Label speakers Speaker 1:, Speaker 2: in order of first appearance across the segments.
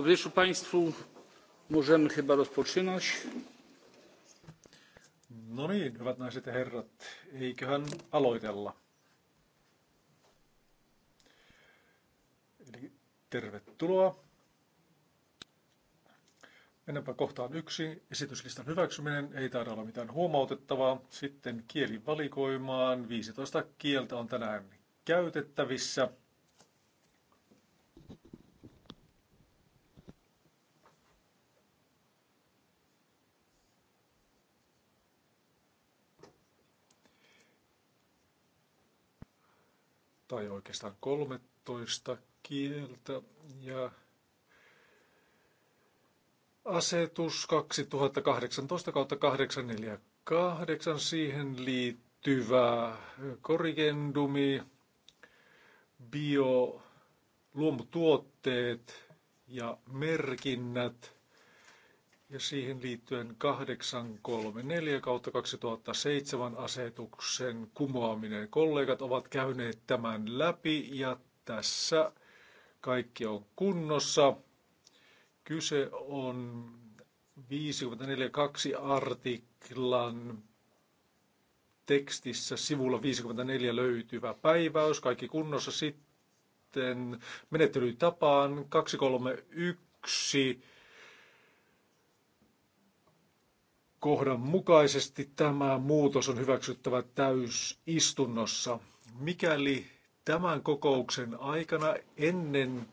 Speaker 1: Dobry wieczór Państwu. Możemy chyba rozpoczynać.
Speaker 2: No niin, hyvät naiset ja herrat, eiköhän aloitella. Eli tervetuloa. Mennäänpä kohtaan yksi. Esityslistan hyväksyminen ei taida olla mitään huomautettavaa. Sitten kielivalikoimaan. 15 kieltä on tänään käytettävissä. tai oikeastaan 13 kieltä ja asetus 2018-848 siihen liittyvä korrigendumi, bio, luomutuotteet ja merkinnät – ja siihen liittyen 834 kautta 2007 asetuksen kumoaminen. Kollegat ovat käyneet tämän läpi ja tässä kaikki on kunnossa. Kyse on 54.2 artiklan tekstissä sivulla 54 löytyvä päiväys. Kaikki kunnossa sitten menettelytapaan 231 kohdan mukaisesti tämä muutos on hyväksyttävä täysistunnossa. Mikäli tämän kokouksen aikana ennen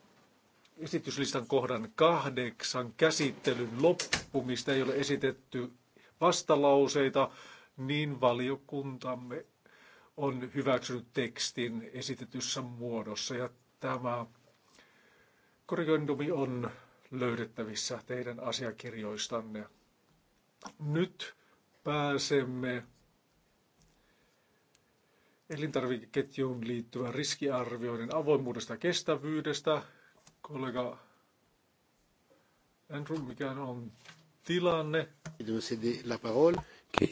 Speaker 2: esityslistan kohdan kahdeksan käsittelyn loppumista ei ole esitetty vastalauseita, niin valiokuntamme on hyväksynyt tekstin esitetyssä muodossa ja tämä korrigendumi on löydettävissä teidän asiakirjoistanne. Nyt pääsemme elintarvikeketjuun liittyvän riskiarvioinnin avoimuudesta ja kestävyydestä. Kollega Andrew, mikä on tilanne?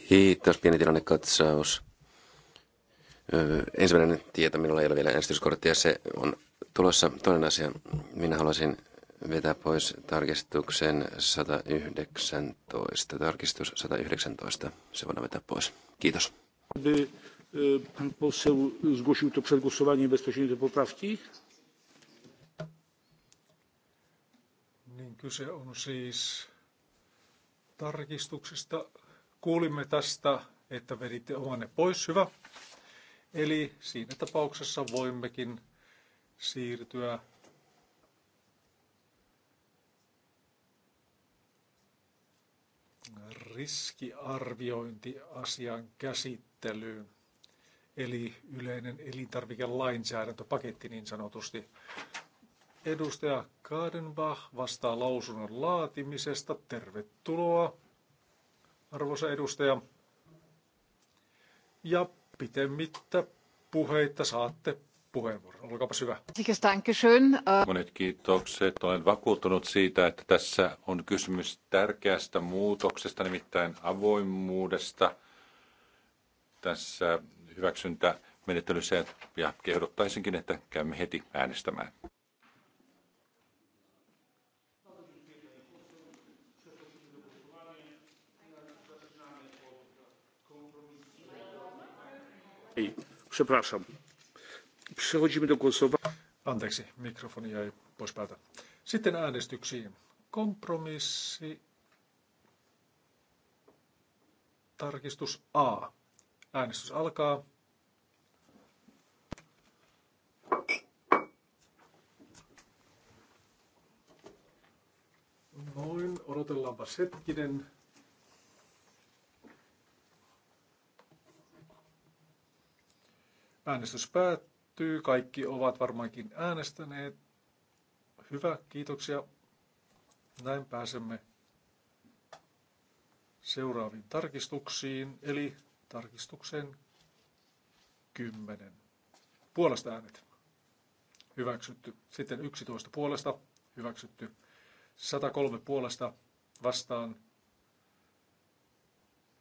Speaker 3: Kiitos, pieni tilannekatsaus. Ensimmäinen tieto, minulla ei ole vielä äänestyskorttia, se on tulossa. Toinen asia, minä haluaisin vetää pois tarkistuksen 119. Tarkistus 119. Se voidaan vetää pois. Kiitos.
Speaker 1: Pan poseł zgłosił to przed głosowaniem bezpośrednio do poprawki.
Speaker 2: Niin kyse on siis tarkistuksesta. Kuulimme tästä, että veditte omanne pois. Hyvä. Eli siinä tapauksessa voimmekin siirtyä riskiarviointiasian käsittelyyn, eli yleinen elintarvikelainsäädäntöpaketti niin sanotusti. Edustaja Kadenbach vastaa lausunnon laatimisesta. Tervetuloa, arvoisa edustaja. Ja pitemmittä puheita saatte puheenvuoron. Olkaapas hyvä.
Speaker 4: Äh, Monet
Speaker 5: kiitokset. Olen vakuuttunut siitä, että tässä on kysymys tärkeästä muutoksesta, nimittäin avoimuudesta tässä hyväksyntämenettelyssä ja kehdottaisinkin, että käymme heti äänestämään.
Speaker 1: Przepraszam. Przechodzimy do głosowania. Anteeksi, mikrofoni jäi pois päältä.
Speaker 2: Sitten äänestyksiin. Kompromissi. Tarkistus A. Äänestys alkaa. Noin, odotellaanpa hetkinen. Äänestys päättyy päättyy. Kaikki ovat varmaankin äänestäneet. Hyvä, kiitoksia. Näin pääsemme seuraaviin tarkistuksiin, eli tarkistuksen 10. Puolesta äänet. Hyväksytty. Sitten 11 puolesta. Hyväksytty. 103 puolesta vastaan.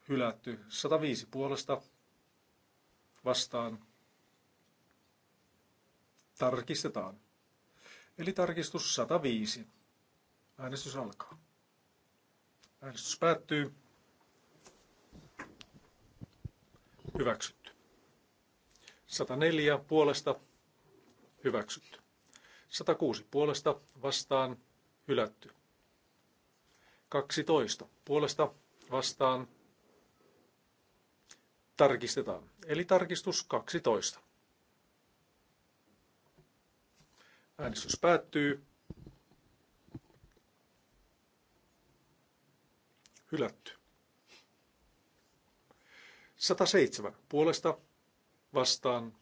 Speaker 2: Hylätty. 105 puolesta vastaan Tarkistetaan. Eli tarkistus 105. Äänestys alkaa. Äänestys päättyy. Hyväksytty. 104 puolesta. Hyväksytty. 106 puolesta vastaan. Hylätty. 12 puolesta vastaan. Tarkistetaan. Eli tarkistus 12. Äänestys päättyy. Hylätty. 107 puolesta vastaan.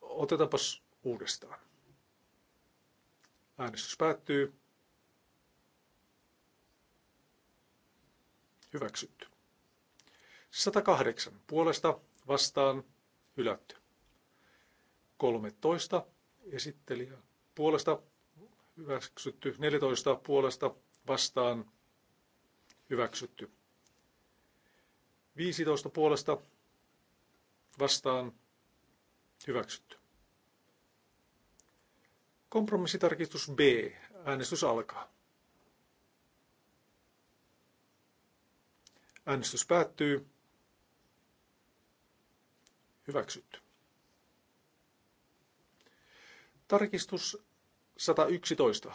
Speaker 2: Otetaanpas uudestaan. Äänestys päättyy. Hyväksytty. 108 puolesta vastaan hylätty. 13 esittelijä puolesta hyväksytty, 14 puolesta vastaan hyväksytty. 15 puolesta vastaan hyväksytty. Kompromissitarkistus B. Äänestys alkaa. Äänestys päättyy. Hyväksytty. Tarkistus 111.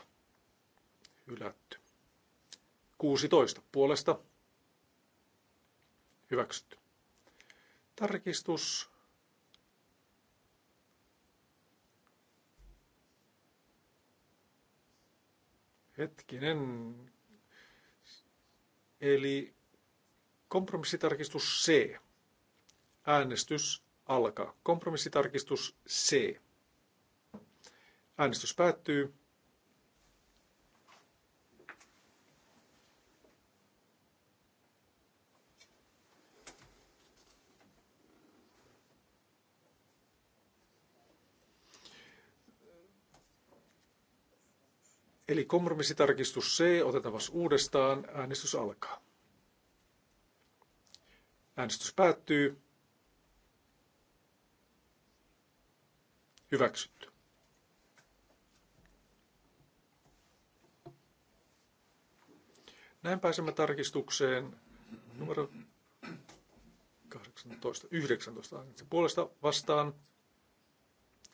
Speaker 2: Hylätty. 16. Puolesta. Hyväksytty. Tarkistus. Hetkinen. Eli kompromissitarkistus C. Äänestys alkaa. Kompromissitarkistus C. Äänestys päättyy. Eli kompromissitarkistus C otetaan uudestaan. Äänestys alkaa. Äänestys päättyy. Hyväksytty. Näin pääsemme tarkistukseen numero 18, 19. Puolesta vastaan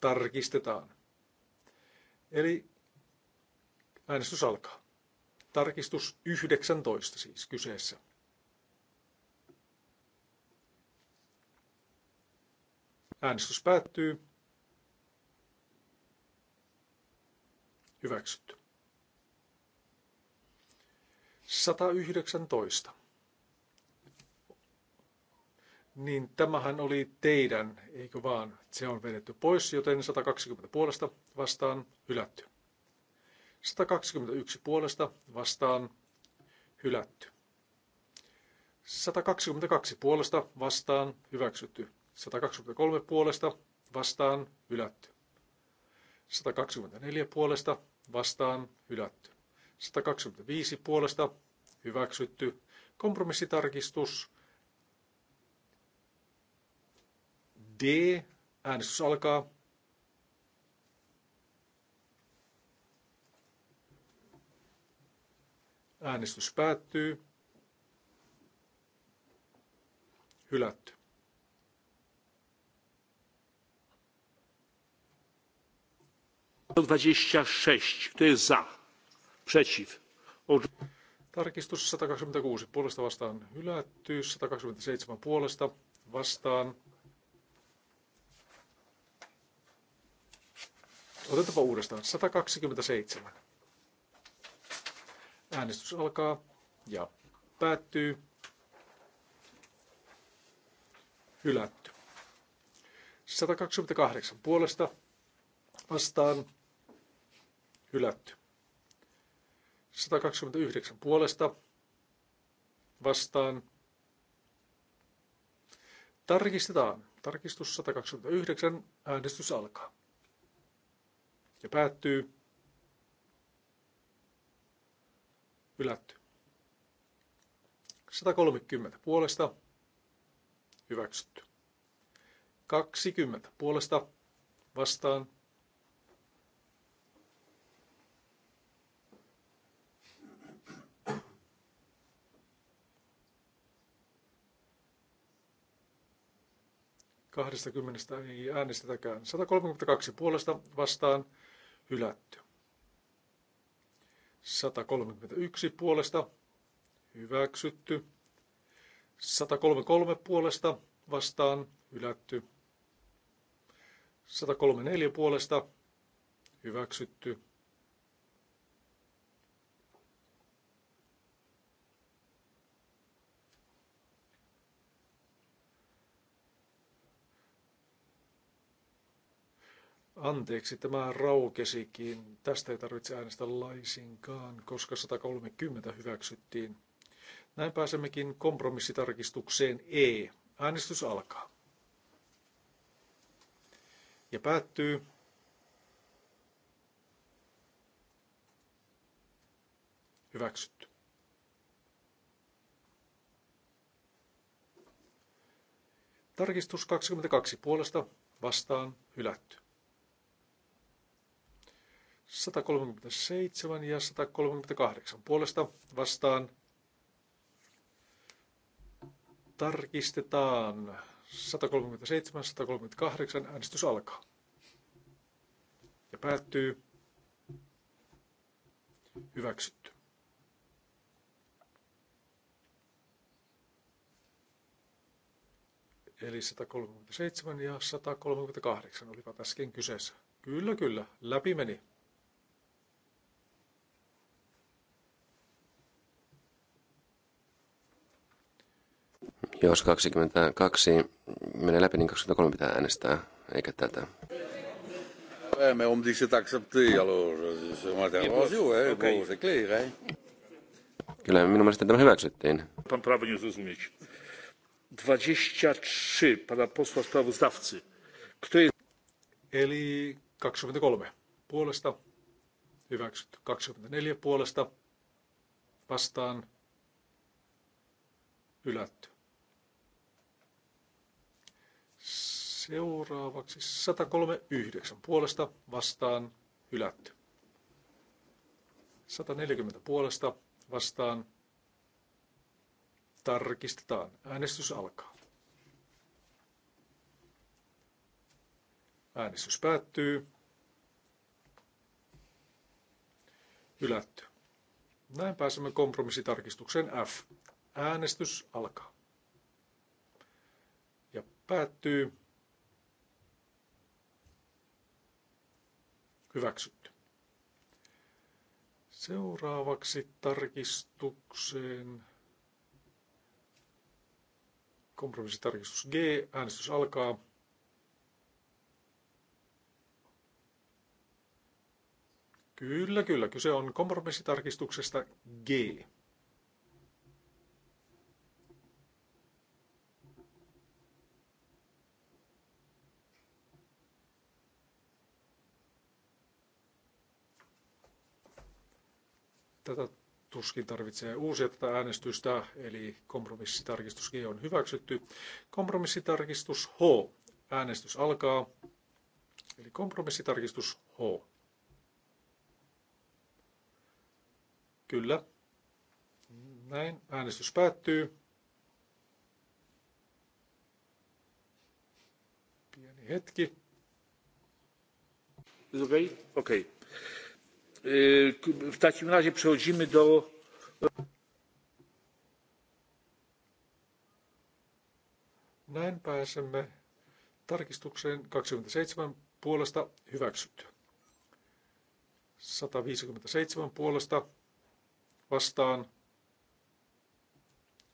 Speaker 2: tarkistetaan. Eli äänestys alkaa. Tarkistus 19 siis kyseessä. Äänestys päättyy. Hyväksytty. 119. Niin tämähän oli teidän, eikö vaan? Se on vedetty pois, joten 120 puolesta vastaan hylätty. 121 puolesta vastaan hylätty. 122 puolesta vastaan hyväksytty. 123 puolesta vastaan hylätty. 124 puolesta vastaan hylätty. 125 puolesta hyväksytty. Kompromissitarkistus D. Äänestys alkaa. Äänestys päättyy.
Speaker 1: Hylätty. dwadzieścia sześć kto jest za przeciw
Speaker 2: Tarkistus 126 puolesta vastaan hylätty, 127 puolesta vastaan. Otetaanpa uudestaan 127. Äänestys alkaa ja päättyy. Hylätty. 128 puolesta vastaan hylätty. 129 puolesta vastaan. Tarkistetaan. Tarkistus 129. Äänestys alkaa. Ja päättyy. Ylätty. 130 puolesta. Hyväksytty. 20 puolesta vastaan 20 ei äänestetäkään. 132 puolesta vastaan hylätty. 131 puolesta hyväksytty. 133 puolesta vastaan hylätty. 134 puolesta hyväksytty. Anteeksi, tämä raukesikin. Tästä ei tarvitse äänestää laisinkaan, koska 130 hyväksyttiin. Näin pääsemmekin kompromissitarkistukseen E. Äänestys alkaa. Ja päättyy. Hyväksytty. Tarkistus 22 puolesta vastaan hylätty. 137 ja 138 puolesta vastaan. Tarkistetaan 137, 138 äänestys alkaa. Ja päättyy. Hyväksytty. Eli 137 ja 138 olivat äsken kyseessä. Kyllä, kyllä, läpi meni.
Speaker 3: Jos 22 menee läpi, niin 23 pitää äänestää, eikä tätä.
Speaker 1: mais on me dit que c'est accepté, alors je
Speaker 5: m'interroge, ouais, okay. bon,
Speaker 1: c'est clair, hein.
Speaker 3: Kyllä minun mielestä tämä hyväksyttiin.
Speaker 1: Pan prawo nie zrozumieć. 23 pana posła sprawozdawcy. Kto jest... Eli
Speaker 2: 23 puolesta hyväksytty. 24 puolesta vastaan hylätty. Seuraavaksi 139 puolesta vastaan hylätty. 140 puolesta vastaan tarkistetaan. Äänestys alkaa. Äänestys päättyy. Hylätty. Näin pääsemme kompromissitarkistukseen F. Äänestys alkaa. Ja päättyy. Hyväksytty. Seuraavaksi tarkistukseen. Kompromissitarkistus G. Äänestys alkaa. Kyllä, kyllä. Kyse on kompromissitarkistuksesta G. Tätä tuskin tarvitsee uusia tätä äänestystä, eli kompromissitarkistus G on hyväksytty. Kompromissitarkistus H. Äänestys alkaa. Eli kompromissitarkistus H. Kyllä. Näin. Äänestys päättyy.
Speaker 1: Pieni hetki. Is okay? Okay. W takim razie przechodzimy do.
Speaker 2: Näin pääsemme tarkistukseen 27 puolesta hyväksytty. 157 puolesta vastaan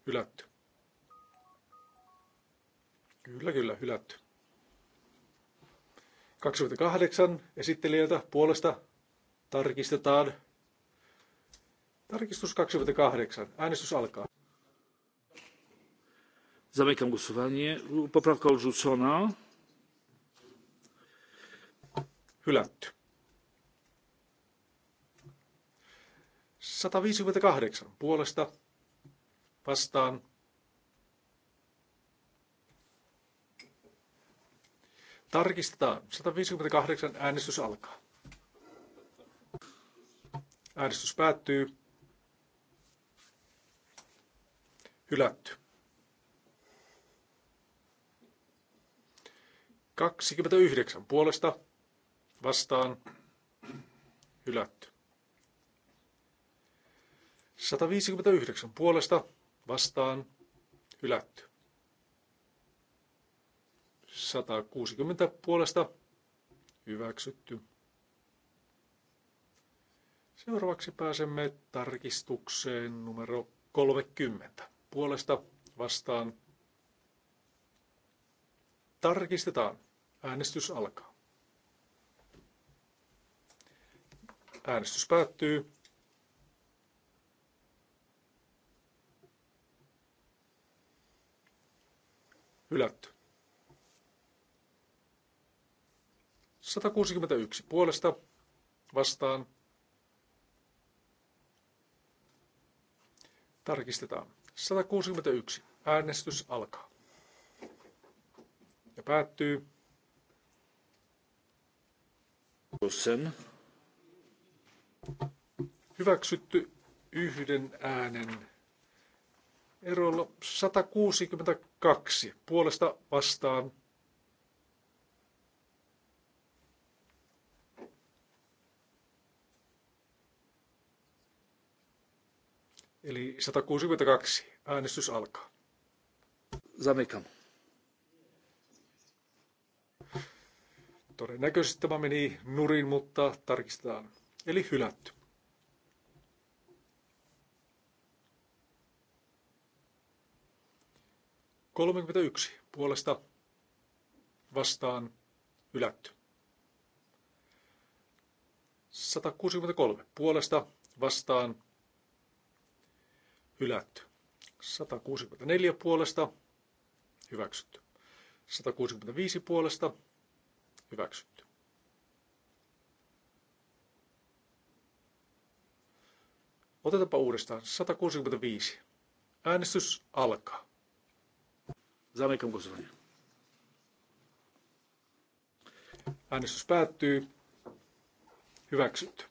Speaker 2: hylätty. Kyllä, kyllä, hylätty. 28 esittelijältä puolesta Tarkistetaan. Tarkistus
Speaker 1: 28. Äänestys alkaa. Zamykam głosowanie. Poprawka odrzucona. Hylätty. 158
Speaker 2: puolesta vastaan. Tarkistetaan. 158 äänestys alkaa. Äänestys päättyy. Hylätty. 29 puolesta vastaan hylätty. 159 puolesta vastaan hylätty. 160 puolesta hyväksytty. Seuraavaksi pääsemme tarkistukseen numero 30. Puolesta vastaan tarkistetaan. Äänestys alkaa. Äänestys päättyy. Hylätty. 161 puolesta vastaan Tarkistetaan. 161. Äänestys alkaa. Ja päättyy. Sen. Hyväksytty yhden äänen erolla 162. Puolesta vastaan Eli 162. Äänestys alkaa. Zamekam. Todennäköisesti tämä meni nurin, mutta tarkistetaan. Eli hylätty. yksi puolesta vastaan hylätty. 163 puolesta vastaan hylätty. 164 puolesta hyväksytty. 165 puolesta hyväksytty. Otetaanpa uudestaan 165. Äänestys alkaa. Zamykam głosowanie. Äänestys päättyy. Hyväksytty.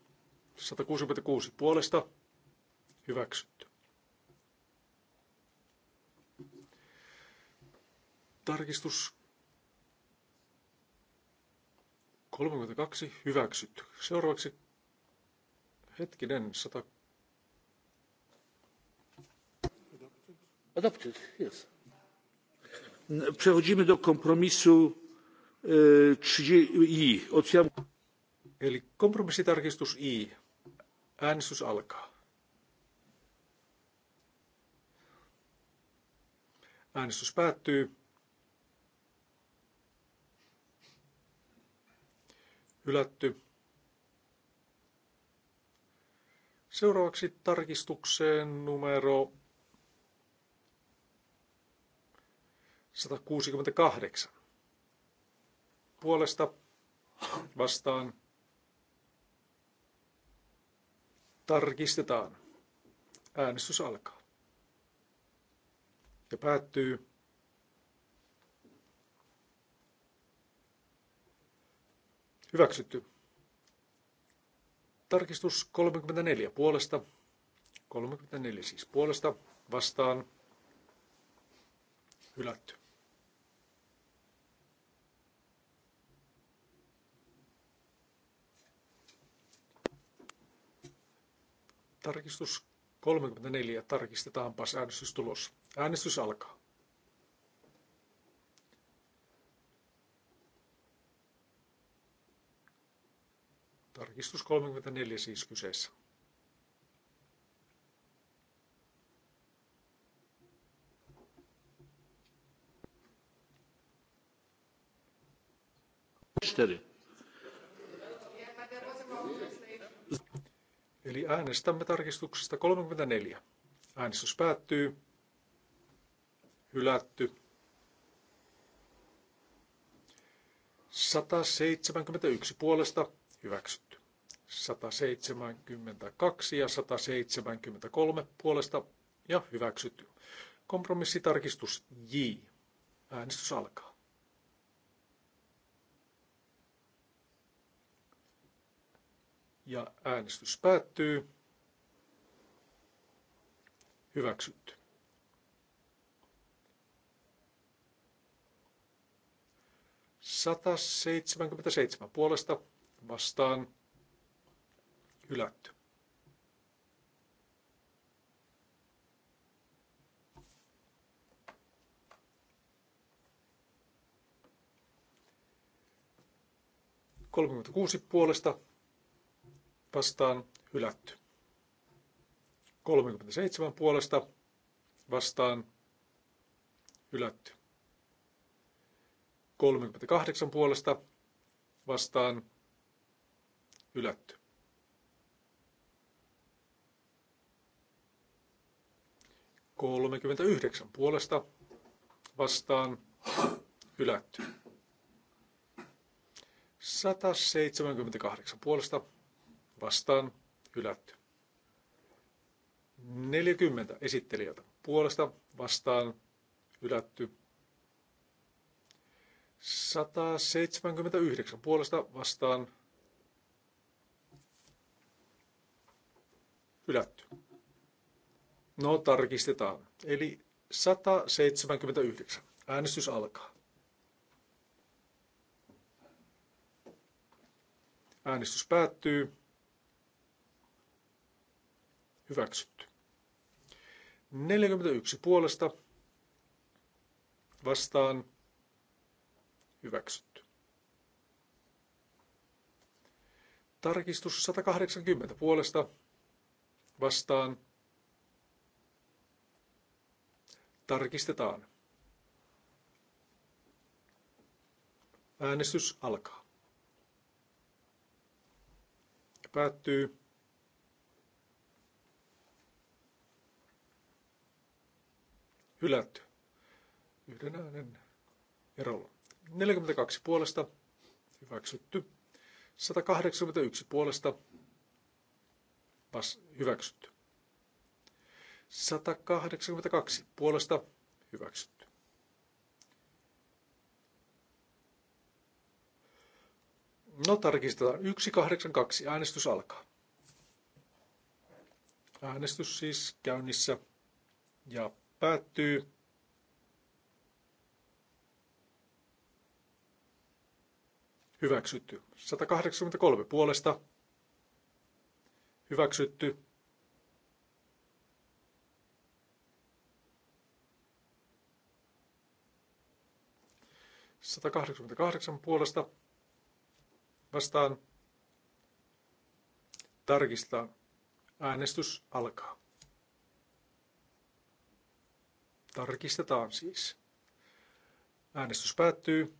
Speaker 2: 166 puolesta. Hyväksytty. Tarkistus 32 hyväksytty. Seuraavaksi hetkinen 100.
Speaker 1: Adopted, yes. Przechodzimy do kompromisu e, y, 3 I. Otwieram... Eli kompromissitarkistus I. Äänestys alkaa.
Speaker 2: Äänestys päättyy. Hylätty. Seuraavaksi tarkistukseen numero 168. Puolesta vastaan tarkistetaan. Äänestys alkaa ja päättyy. Hyväksytty. Tarkistus 34 puolesta. 34 siis puolesta vastaan. Hylätty. Tarkistus 34. Tarkistetaanpas äänestystulos. Äänestys alkaa. Tarkistus 34 siis kyseessä. Eli äänestämme tarkistuksesta 34. Äänestys päättyy. Hylätty. 171 puolesta hyväksytty. 172 ja 173 puolesta ja hyväksytty. Kompromissitarkistus J. Äänestys alkaa. Ja äänestys päättyy. Hyväksytty. Sata puolesta vastaan Hylätty. Kolmekymmentäkuusi puolesta vastaan hylätty. 37 puolesta vastaan hylätty. 38 puolesta vastaan hylätty. 39 puolesta vastaan hylätty. 178 puolesta vastaan hylätty. 40 esittelijältä puolesta vastaan hylätty. 179 puolesta vastaan hylätty. No tarkistetaan. Eli 179. Äänestys alkaa. Äänestys päättyy. Hyväksytty. 41 puolesta vastaan hyväksytty. Tarkistus 180 puolesta vastaan Tarkistetaan. Äänestys alkaa. Päättyy. Hylätty. Yhden äänen erolla. 42 puolesta. Hyväksytty. 181 puolesta. Vas hyväksytty. 182 puolesta hyväksytty. No tarkistetaan. 182. Äänestys alkaa. Äänestys siis käynnissä ja päättyy. Hyväksytty. 183 puolesta. Hyväksytty. 188 puolesta vastaan tarkistaa. Äänestys alkaa. Tarkistetaan siis. Äänestys päättyy.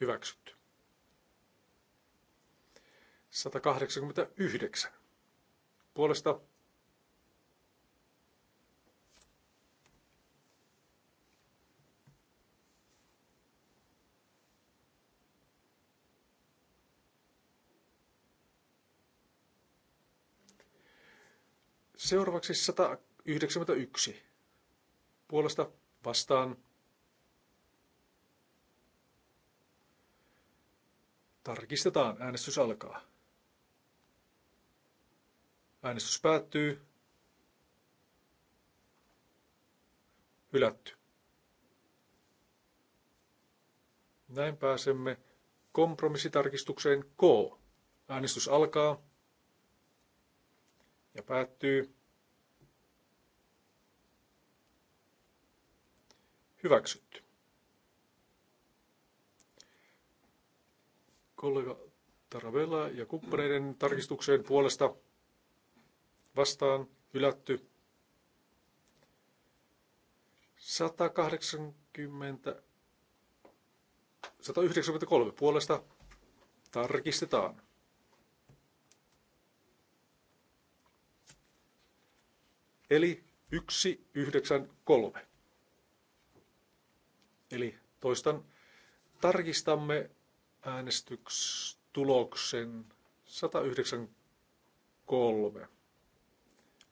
Speaker 2: Hyväksytty. 189. Puolesta Seuraavaksi 191. Puolesta vastaan Tarkistetaan. Äänestys alkaa. Äänestys päättyy. Hylätty. Näin pääsemme kompromissitarkistukseen K. Äänestys alkaa ja päättyy. Hyväksytty. Kollega Taravella ja kumppaneiden tarkistukseen puolesta vastaan hylätty. 180, 193 puolesta tarkistetaan. Eli 193. Eli toistan, tarkistamme äänestystuloksen 193.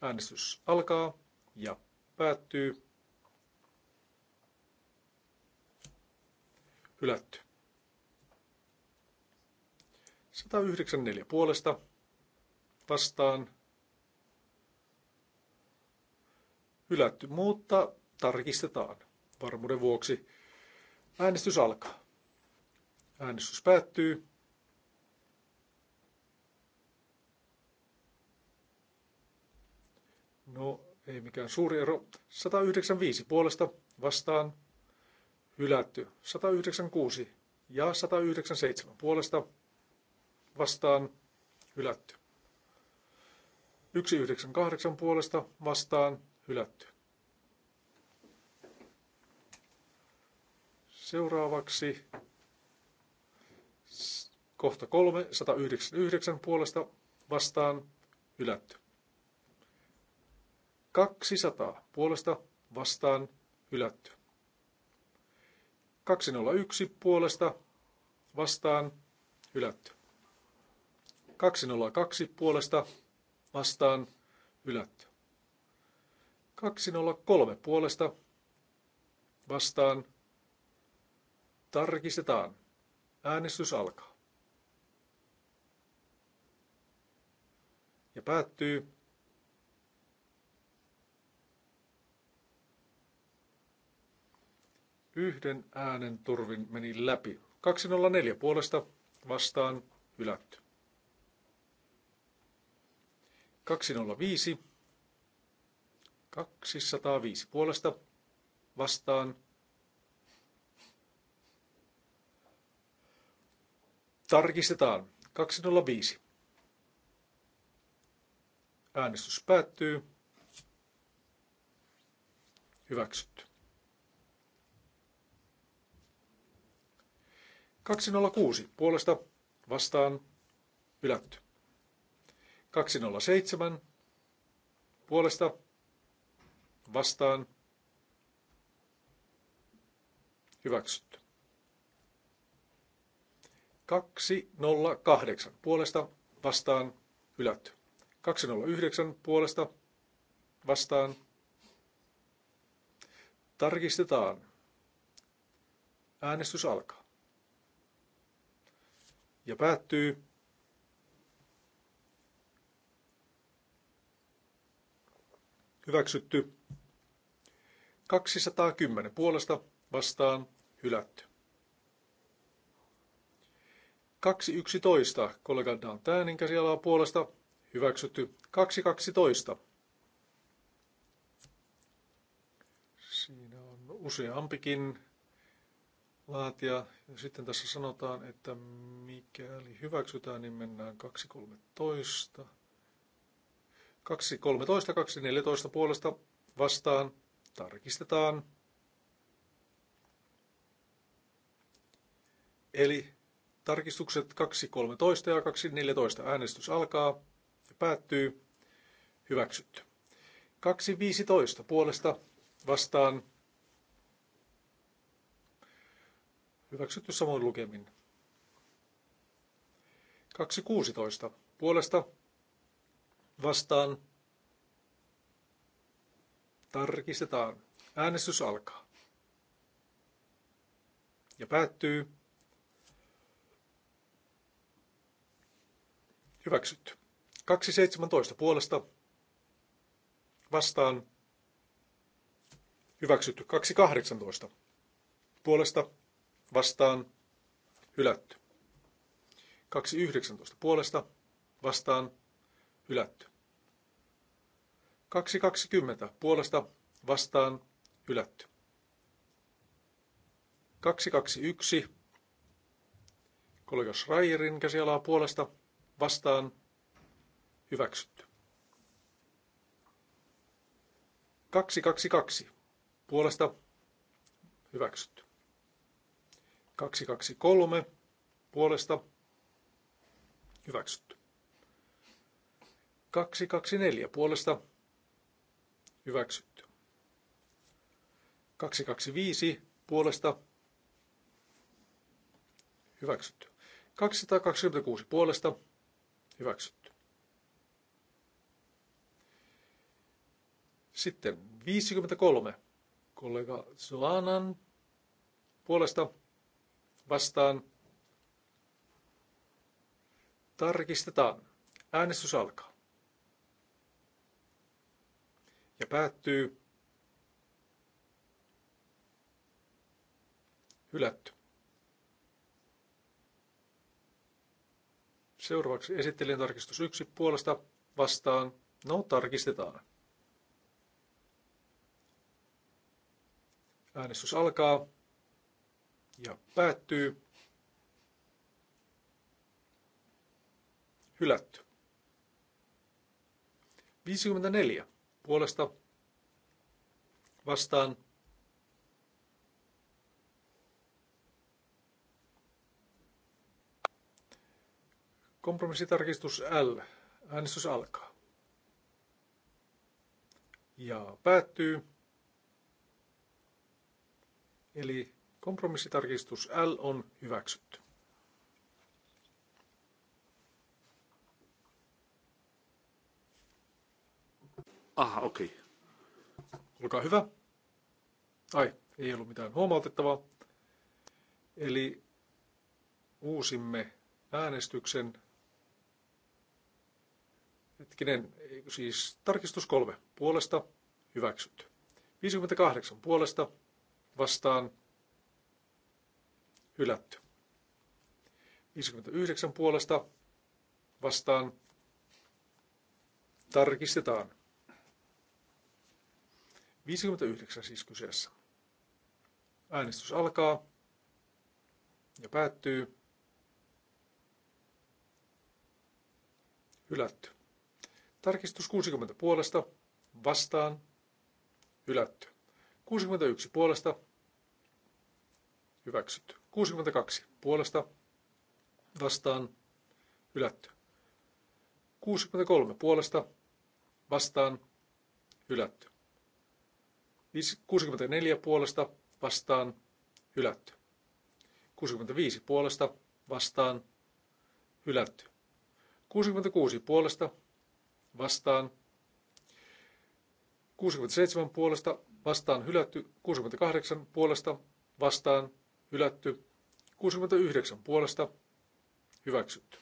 Speaker 2: Äänestys alkaa ja päättyy. Hylätty. 194 puolesta vastaan. Hylätty, mutta tarkistetaan varmuuden vuoksi Äänestys alkaa. Äänestys päättyy. No, ei mikään suuri ero. 195 puolesta vastaan hylätty. 196 ja 197 puolesta vastaan hylätty. 198 puolesta vastaan hylätty. Seuraavaksi kohta 3, 199 puolesta vastaan hylätty. 200 puolesta vastaan hylätty. 201 puolesta vastaan hylätty. 202 puolesta vastaan hylätty. 203 puolesta vastaan Tarkistetaan. Äänestys alkaa. Ja päättyy. Yhden äänen turvin meni läpi. 204 puolesta vastaan hylätty. 205. 205 puolesta vastaan Tarkistetaan. 205. Äänestys päättyy. Hyväksytty. 206 puolesta vastaan hylätty. 207 puolesta vastaan hyväksytty. 208 puolesta vastaan hylätty. 209 puolesta vastaan tarkistetaan. Äänestys alkaa. Ja päättyy. Hyväksytty. 210 puolesta vastaan hylätty. 2.11. Kollega Dan Tänin käsialaa puolesta hyväksytty 2.12.
Speaker 1: Siinä on
Speaker 2: useampikin laatia. Ja sitten tässä sanotaan, että mikäli hyväksytään, niin mennään 2.13. 2.13, 2.14 puolesta vastaan tarkistetaan. Eli Tarkistukset 2.13 ja 2.14 äänestys alkaa ja päättyy. Hyväksytty. 2.15 puolesta vastaan. Hyväksytty samoin lukemin. 2.16 puolesta vastaan. Tarkistetaan. Äänestys alkaa. Ja päättyy. Hyväksytty. 2.17 puolesta vastaan. Hyväksytty. 2.18 puolesta vastaan. Hylätty. 2.19 puolesta vastaan. Hylätty. 2.20 puolesta vastaan. Hylätty. 221. Kollega Schreierin käsialaa puolesta vastaan hyväksytty. 222 puolesta hyväksytty. 223 puolesta hyväksytty. 224 puolesta hyväksytty. 225 puolesta hyväksytty. 226 puolesta hyväksytty. Hyväksytty. Sitten 53. Kollega Solanan puolesta vastaan. Tarkistetaan. Äänestys alkaa. Ja päättyy. Hylätty. Seuraavaksi esittelijän tarkistus 1 puolesta vastaan. No, tarkistetaan. Äänestys alkaa ja päättyy. Hylätty. 54 puolesta vastaan Kompromissitarkistus L. Äänestys alkaa. Ja päättyy. Eli kompromissitarkistus L on hyväksytty.
Speaker 1: Aha, okei. Okay. Olkaa hyvä. Ai, ei
Speaker 2: ollut mitään huomautettavaa. Eli uusimme äänestyksen Hetkinen, siis tarkistus kolme puolesta hyväksytty. 58 puolesta vastaan hylätty. 59 puolesta vastaan tarkistetaan. 59 siis kyseessä. Äänestys alkaa ja päättyy. Hylätty. Tarkistus 60 puolesta, vastaan, hylätty. 61 puolesta, hyväksytty. 62 puolesta, vastaan, hylätty. 63 puolesta, vastaan, hylätty. 64 puolesta, vastaan, hylätty. 65 puolesta, vastaan, hylätty. 66 puolesta, vastaan. 67 puolesta vastaan hylätty, 68 puolesta vastaan hylätty, 69 puolesta hyväksytty.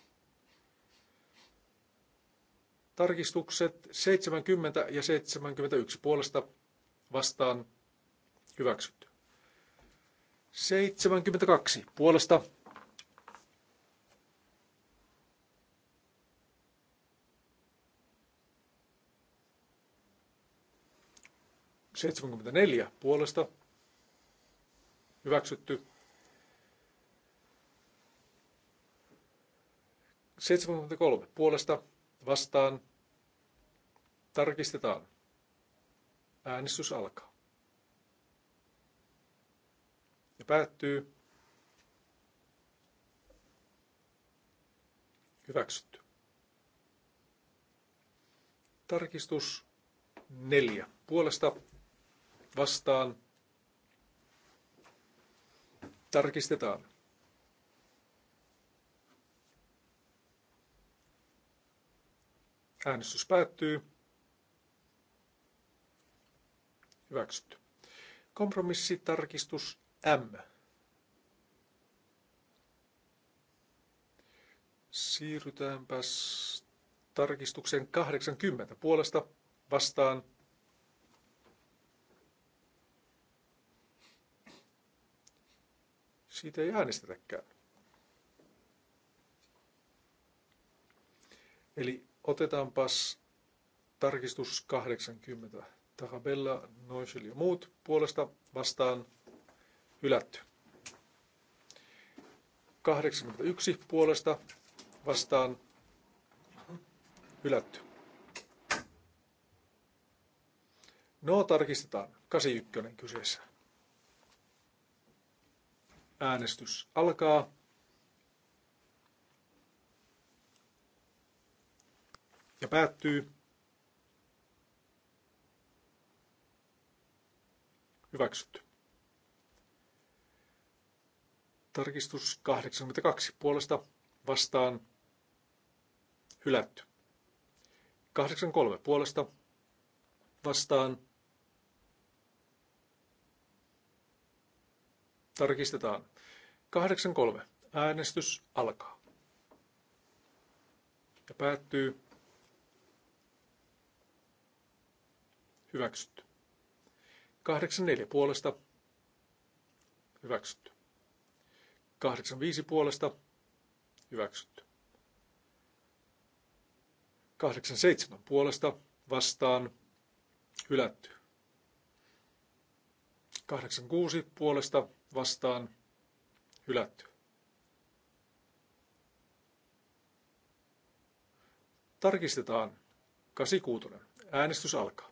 Speaker 2: Tarkistukset 70 ja 71 puolesta vastaan hyväksytty. 72 puolesta 74 puolesta hyväksytty. 73 puolesta vastaan tarkistetaan. Äänestys alkaa. Ja päättyy. Hyväksytty. Tarkistus neljä puolesta vastaan. Tarkistetaan. Äänestys päättyy. Hyväksytty. Kompromissitarkistus M. Siirrytäänpäs tarkistuksen 80 puolesta vastaan Siitä ei äänestetäkään. Eli otetaanpas tarkistus 80. Tahabella, Noisel ja muut puolesta vastaan hylätty. 81 puolesta vastaan hylätty. No, tarkistetaan. 81 kyseessä. Äänestys alkaa. Ja päättyy. Hyväksytty. Tarkistus 82 puolesta vastaan hylätty. 83 puolesta vastaan Tarkistetaan. 83. Äänestys alkaa. Ja päättyy. Hyväksytty. 84 puolesta. Hyväksytty. 85 puolesta. Hyväksytty. 87 puolesta vastaan hylätty. 86 puolesta vastaan hylätty. Tarkistetaan 86. Äänestys alkaa.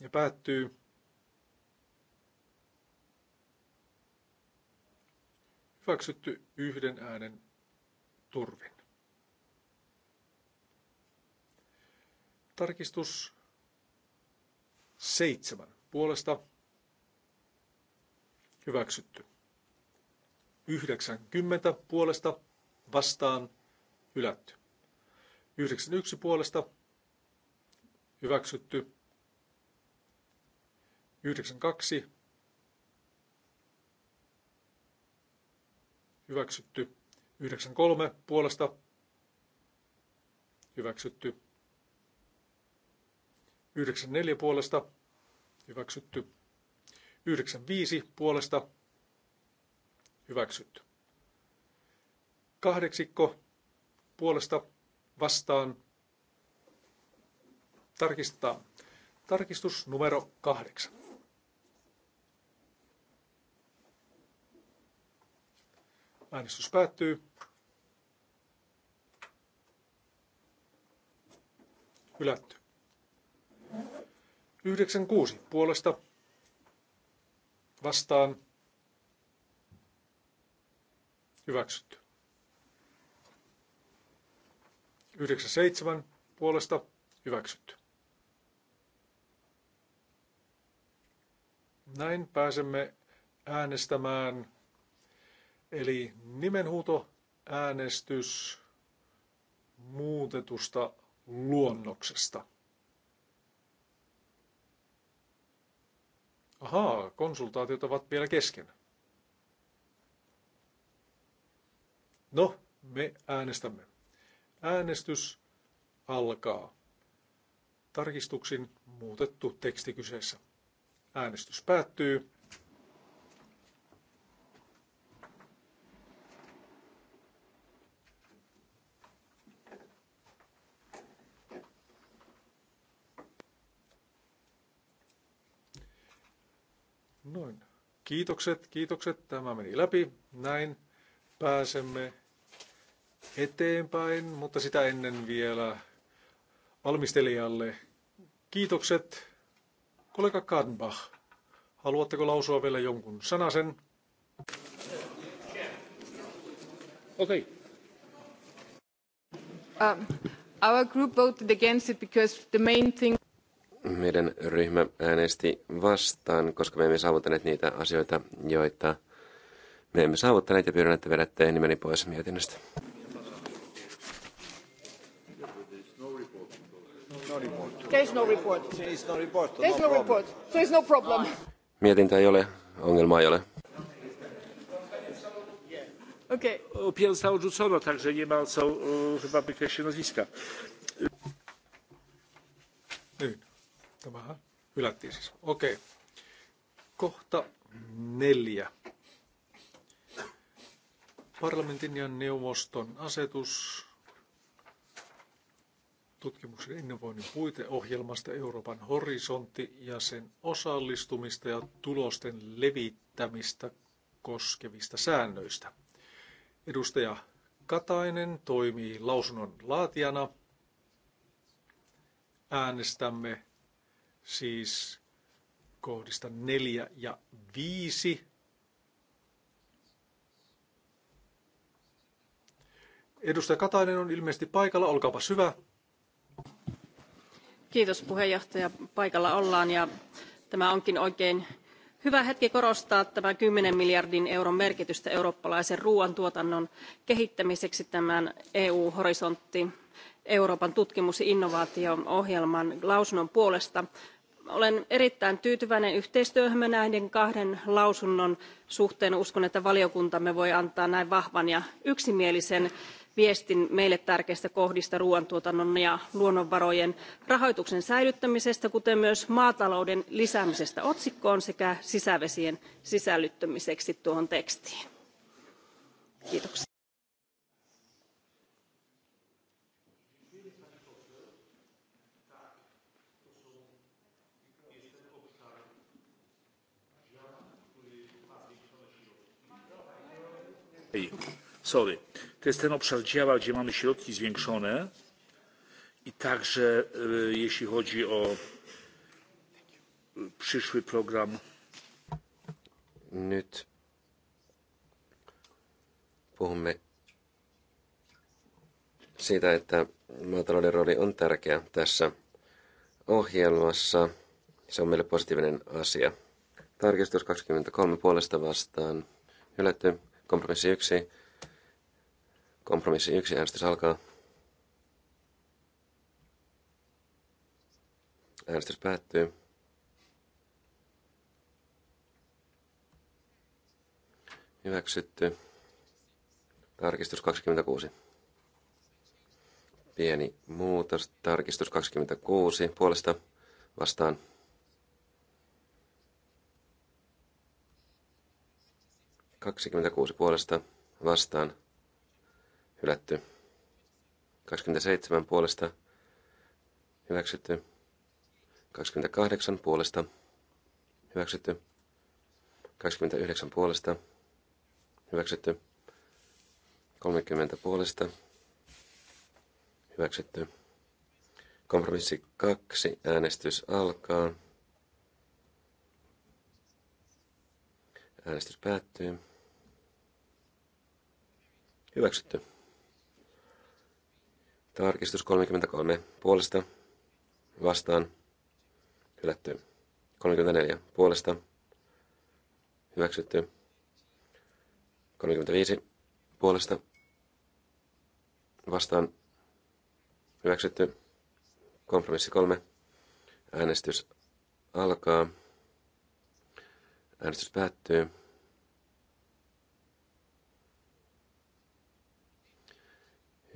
Speaker 2: Ja päättyy hyväksytty yhden äänen turvin. Tarkistus Seitsemän puolesta hyväksytty. 90 puolesta vastaan hylätty. 91 puolesta hyväksytty. 92 hyväksytty. 93 puolesta hyväksytty. 94 puolesta hyväksytty. 95 puolesta hyväksytty. Kahdeksikko puolesta vastaan tarkistetaan. Tarkistus numero kahdeksan. Äänestys päättyy. Hylätty. 96 puolesta vastaan hyväksytty. 97 puolesta hyväksytty. Näin pääsemme äänestämään, eli nimenhuuto äänestys muutetusta luonnoksesta. Ahaa, konsultaatiot ovat vielä kesken. No, me äänestämme. Äänestys alkaa. Tarkistuksin muutettu teksti kyseessä. Äänestys päättyy. Noin. Kiitokset, kiitokset. Tämä meni läpi. Näin pääsemme eteenpäin, mutta sitä ennen vielä valmistelijalle kiitokset. Kollega Kadenbach, haluatteko lausua vielä jonkun sanasen? Okei.
Speaker 1: Okay.
Speaker 4: Um, our group voted against it because the main thing
Speaker 3: meidän ryhmä äänesti vastaan, koska me emme saavuttaneet niitä asioita, joita me emme saavuttaneet ja pyydän, että vedätte nimeni pois mietinnöstä.
Speaker 1: No no no
Speaker 3: Mietintä ei ole, ongelma ei ole.
Speaker 1: Okay. Tämähän
Speaker 2: hylättiin siis. Okei. Kohta neljä. Parlamentin ja neuvoston asetus tutkimuksen innovoinnin puiteohjelmasta Euroopan horisontti ja sen osallistumista ja tulosten levittämistä koskevista säännöistä. Edustaja Katainen toimii lausunnon laatijana. Äänestämme siis kohdista 4 ja 5. Edustaja Katainen on ilmeisesti paikalla, olkaapa hyvä.
Speaker 4: Kiitos puheenjohtaja, paikalla ollaan ja tämä onkin oikein hyvä hetki korostaa tämän 10 miljardin euron merkitystä eurooppalaisen ruoantuotannon kehittämiseksi tämän EU-horisontti Euroopan tutkimus- ja innovaatio-ohjelman lausunnon puolesta olen erittäin tyytyväinen yhteistyöhömme näiden kahden lausunnon suhteen. uskon että valiokuntamme voi antaa näin vahvan ja yksimielisen viestin meille tärkeistä kohdista ruoantuotannon ja luonnonvarojen rahoituksen säilyttämisestä kuten myös maatalouden lisäämisestä otsikkoon sekä sisävesien sisällyttämiseksi tuohon tekstiin. Kiitoksia.
Speaker 1: to jest ten obszar działa gdzie mamy środki zwiększone i także jeśli chodzi o przyszły program
Speaker 3: nyt puhumme siitä, että maatalouden rooli on tärkeä tässä ohjelmassa. Se on meille positiivinen asia. Tarkistus 23 puolesta vastaan hylätty. Kompromissi yksi, Kompromissi yksi. Äänestys alkaa. Äänestys päättyy. Hyväksytty. Tarkistus 26. Pieni muutos. Tarkistus 26. Puolesta vastaan 26 puolesta vastaan hylätty. 27 puolesta hyväksytty. 28 puolesta hyväksytty. 29 puolesta hyväksytty. 30 puolesta hyväksytty. Kompromissi 2. Äänestys alkaa. Äänestys päättyy. Hyväksytty. Tarkistus 33 puolesta vastaan. Hylätty. 34 puolesta. Hyväksytty. 35 puolesta vastaan. Hyväksytty. Kompromissi 3. Äänestys alkaa. Äänestys päättyy.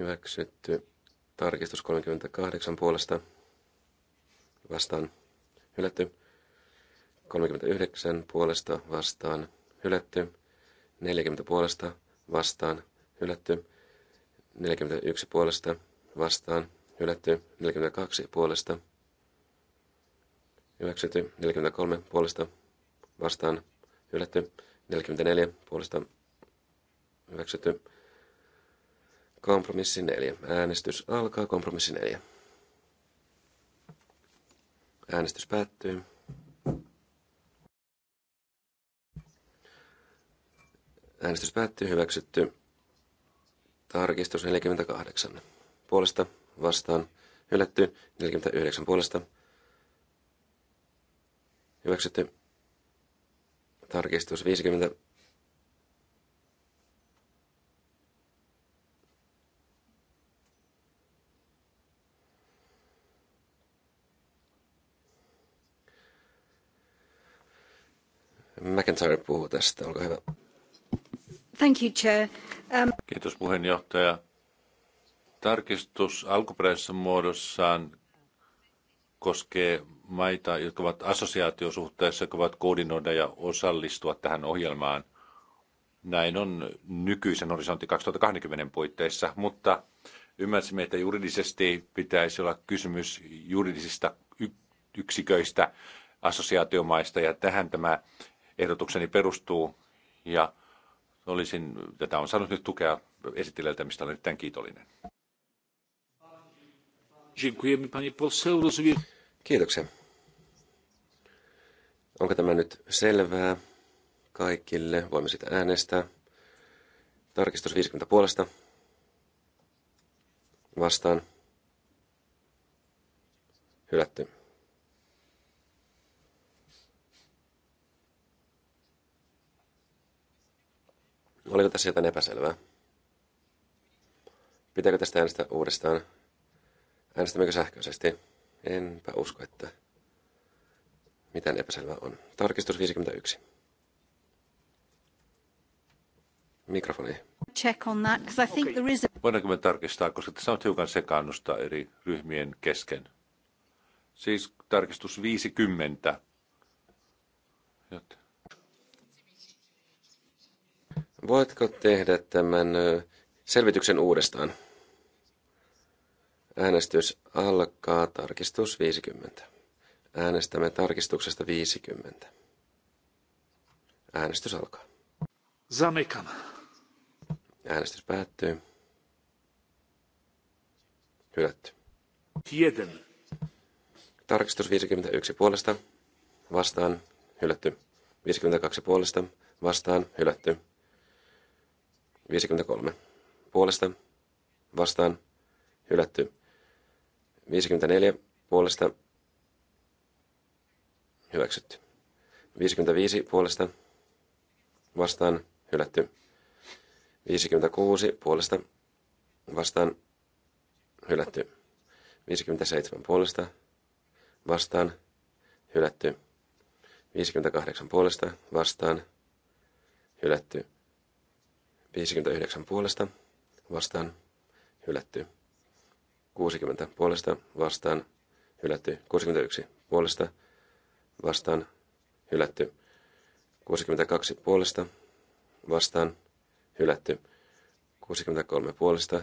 Speaker 3: Hyväksytty. Tarkistus 38 puolesta. Vastaan. Hylätty. 39 puolesta vastaan. Hylätty. 40 puolesta vastaan. Hylätty. 41 puolesta vastaan. Hylätty. 42 puolesta. Hyväksytty. 43 puolesta vastaan. Hylätty. 44 puolesta hyväksytty. Kompromissi 4. Äänestys alkaa. Kompromissi 4. Äänestys päättyy. Äänestys päättyy. Hyväksytty. Tarkistus 48. Puolesta vastaan. Hylätty. 49 puolesta. Hyväksytty. Tarkistus 50 McIntyre puhuu tästä. Olkaa hyvä.
Speaker 4: Thank you, Chair. Um...
Speaker 5: Kiitos puheenjohtaja. Tarkistus alkuperäisessä muodossaan koskee maita, jotka ovat assosiaatiosuhteessa, jotka ovat koordinoida ja osallistua tähän ohjelmaan. Näin on nykyisen horisontti 2020 puitteissa, mutta ymmärsimme, että juridisesti pitäisi olla kysymys juridisista yksiköistä, assosiaatiomaista, ja tähän tämä ehdotukseni perustuu ja olisin, tätä on saanut nyt tukea esittelijältä, mistä olen erittäin kiitollinen.
Speaker 1: Kiitoksia.
Speaker 3: Onko tämä nyt selvää kaikille? Voimme sitä äänestää. Tarkistus 50 puolesta. Vastaan. Hylätty. Oliko tässä jotain epäselvää? Pitääkö tästä äänestää uudestaan? Äänestämmekö sähköisesti? Enpä usko, että mitään epäselvää on. Tarkistus 51. Mikrofoni.
Speaker 4: Check on that, I think there is a...
Speaker 3: Voidaanko me tarkistaa, koska tässä on hiukan sekaannusta
Speaker 5: eri ryhmien kesken. Siis tarkistus 50.
Speaker 3: Jotta Voitko tehdä tämän selvityksen uudestaan? Äänestys alkaa tarkistus 50. Äänestämme tarkistuksesta 50. Äänestys alkaa. Zamykam. Äänestys päättyy. Hylätty. Tieden. Tarkistus 51 puolesta. Vastaan. Hylätty. 52 puolesta. Vastaan. Hylätty. 53. Puolesta, vastaan, hylätty. 54. Puolesta, hyväksytty. 55. Puolesta, vastaan, hylätty. 56. Puolesta, vastaan, hylätty. 57. Puolesta, vastaan, hylätty. 58. Puolesta, vastaan, hylätty. 59 puolesta vastaan hylätty. 60 puolesta vastaan hylätty. 61 puolesta vastaan hylätty. 62 puolesta vastaan hylätty. 63 puolesta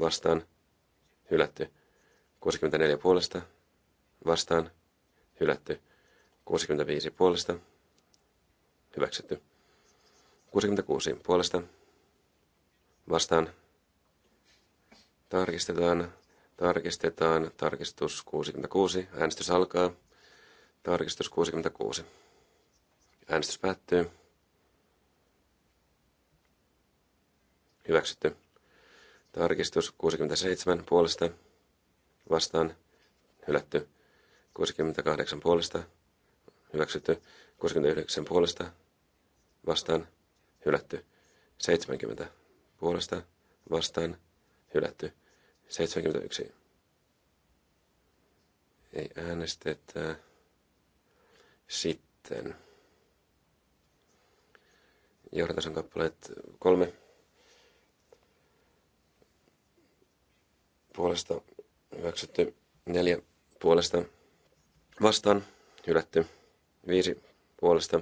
Speaker 3: vastaan hylätty. 64 puolesta vastaan hylätty. 65 puolesta hyväksytty. 66 puolesta vastaan. Tarkistetaan, tarkistetaan, tarkistus 66, äänestys alkaa. Tarkistus 66. Äänestys päättyy. Hyväksytty. Tarkistus 67 puolesta vastaan hylätty. 68 puolesta hyväksytty. 69 puolesta vastaan hylätty. 70 puolesta vastaan hylätty. 71. Ei äänestetä. Sitten. Johdatason kappaleet kolme. Puolesta hyväksytty. Neljä puolesta vastaan hylätty. Viisi puolesta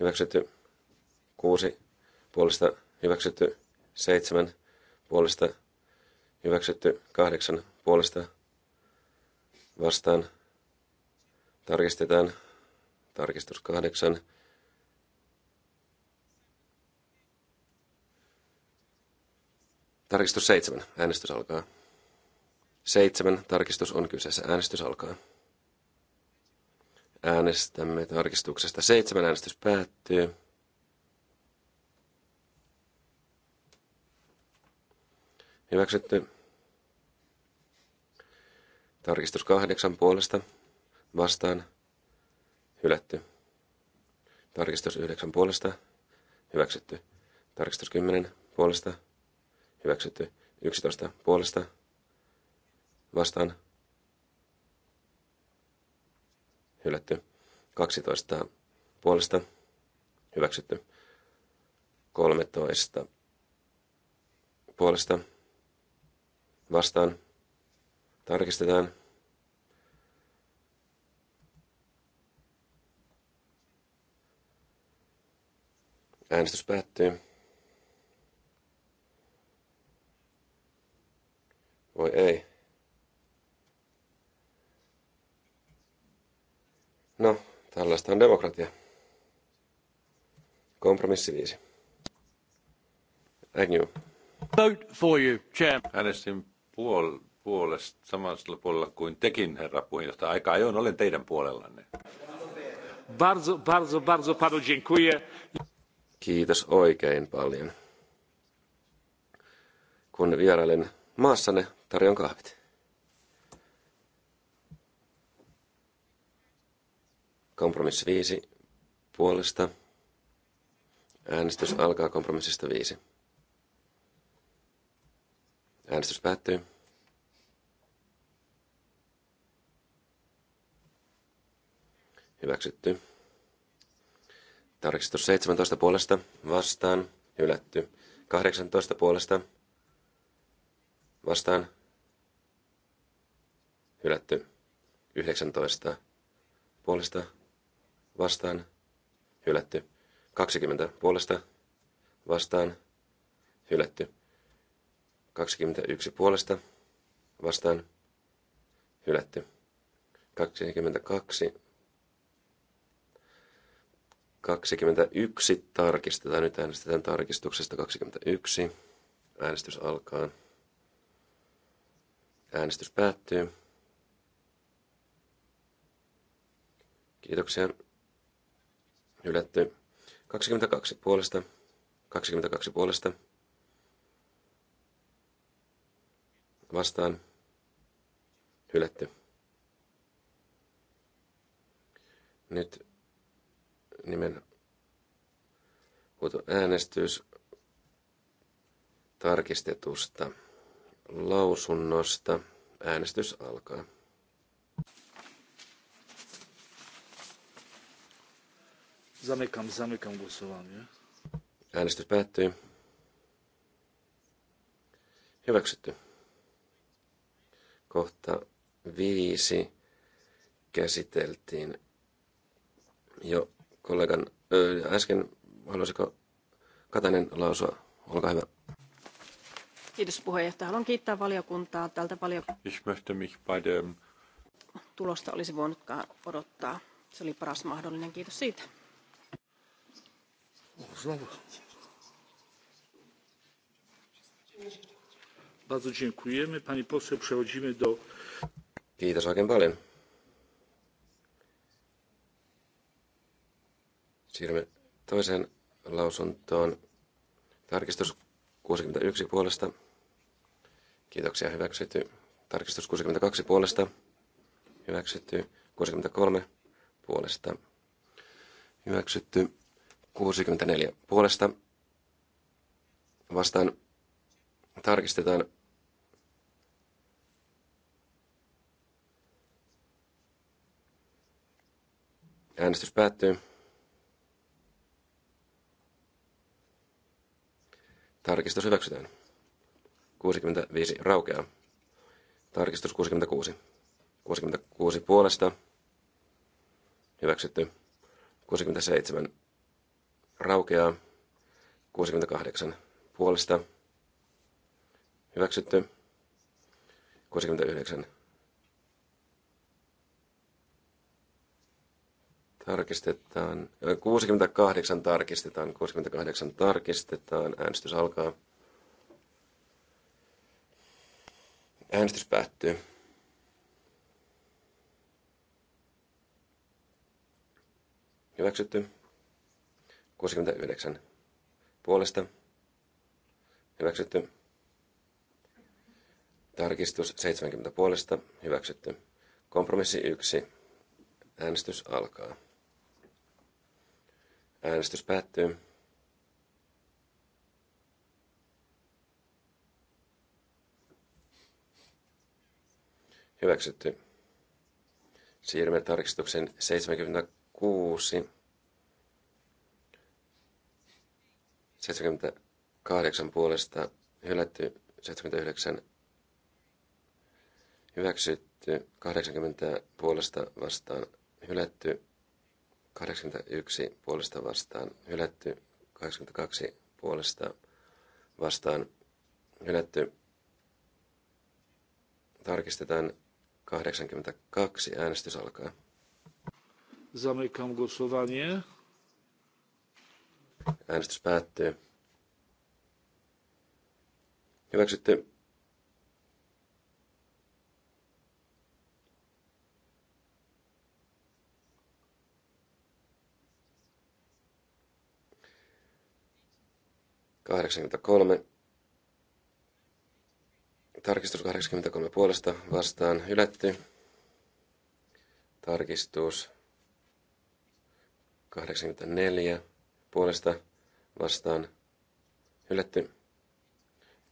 Speaker 3: hyväksytty. Kuusi puolesta hyväksytty seitsemän puolesta, hyväksytty kahdeksan puolesta, vastaan, tarkistetaan, tarkistus kahdeksan, Tarkistus seitsemän. Äänestys alkaa. Seitsemän. Tarkistus on kyseessä. Äänestys alkaa. Äänestämme tarkistuksesta. Seitsemän äänestys päättyy. Hyväksytty. Tarkistus kahdeksan puolesta. Vastaan. Hylätty. Tarkistus yhdeksän puolesta. Hyväksytty. Tarkistus kymmenen puolesta. Hyväksytty. Yksitoista puolesta. Vastaan. Hylätty. Kaksitoista puolesta. Hyväksytty. Kolmetoista puolesta vastaan, tarkistetaan. Äänestys päättyy. Voi ei. No, tällaista on demokratia. Kompromissi 5. Agnew.
Speaker 5: Vote for you, Chair. Äänestin puol- puolesta, samalla puolella kuin tekin, herra puheenjohtaja. Aika ajoin olen teidän puolellanne.
Speaker 1: Bardzo, bardzo, bardzo panu dziękuję.
Speaker 3: Kiitos oikein paljon. Kun vierailen maassanne, tarjon kahvit. Kompromissi viisi puolesta. Äänestys alkaa kompromissista viisi. Äänestys päättyy. Hyväksytty. Tarkistus 17 puolesta vastaan. Hylätty. 18 puolesta vastaan. Hylätty. 19 puolesta vastaan. Hylätty. 20 puolesta vastaan. Hylätty. 21 puolesta vastaan hylätty. 22 21 tarkistetaan. Nyt äänestetään tarkistuksesta 21. Äänestys alkaa. Äänestys päättyy. Kiitoksia. Hylätty. 22 puolesta. 22 puolesta vastaan hylätty. Nyt nimen äänestys tarkistetusta lausunnosta. Äänestys alkaa.
Speaker 1: Zamykam, zamykam głosowanie.
Speaker 3: Äänestys päättyy. Hyväksytty. Kohta viisi käsiteltiin jo kollegan ö, äsken. Haluaisiko Katainen lausua? Olkaa hyvä.
Speaker 4: Kiitos puheenjohtaja. Haluan kiittää valiokuntaa tältä
Speaker 5: valiokunnan
Speaker 4: tulosta olisi voinutkaan odottaa. Se oli paras mahdollinen. Kiitos siitä.
Speaker 1: Bardzo dziękujemy. Pani poseł, przechodzimy do...
Speaker 3: Kiitos oikein paljon. Siirrymme toiseen lausuntoon. Tarkistus 61 puolesta. Kiitoksia hyväksytty. Tarkistus 62 puolesta. Hyväksytty. 63 puolesta. Hyväksytty. 64 puolesta. Vastaan tarkistetaan Äänestys päättyy. Tarkistus hyväksytään. 65 raukeaa. Tarkistus 66. 66 puolesta. Hyväksytty. 67 raukeaa. 68 puolesta. Hyväksytty. 69 tarkistetaan. 68 tarkistetaan, 68 tarkistetaan, äänestys alkaa. Äänestys päättyy. Hyväksytty. 69. Puolesta. Hyväksytty. Tarkistus 70 puolesta. Hyväksytty. Kompromissi 1. Äänestys alkaa. Äänestys päättyy. Hyväksytty. Siirrymme tarkistuksen 76. 78 puolesta hylätty 79 hyväksytty 80 puolesta vastaan hylätty 81 puolesta vastaan hylätty, 82 puolesta vastaan hylätty. Tarkistetaan 82. Äänestys alkaa.
Speaker 1: Zamykam głosowanie.
Speaker 3: Äänestys päättyy. Hyväksytty. 83. Tarkistus 83 puolesta vastaan hylätty. Tarkistus 84 puolesta vastaan hylätty.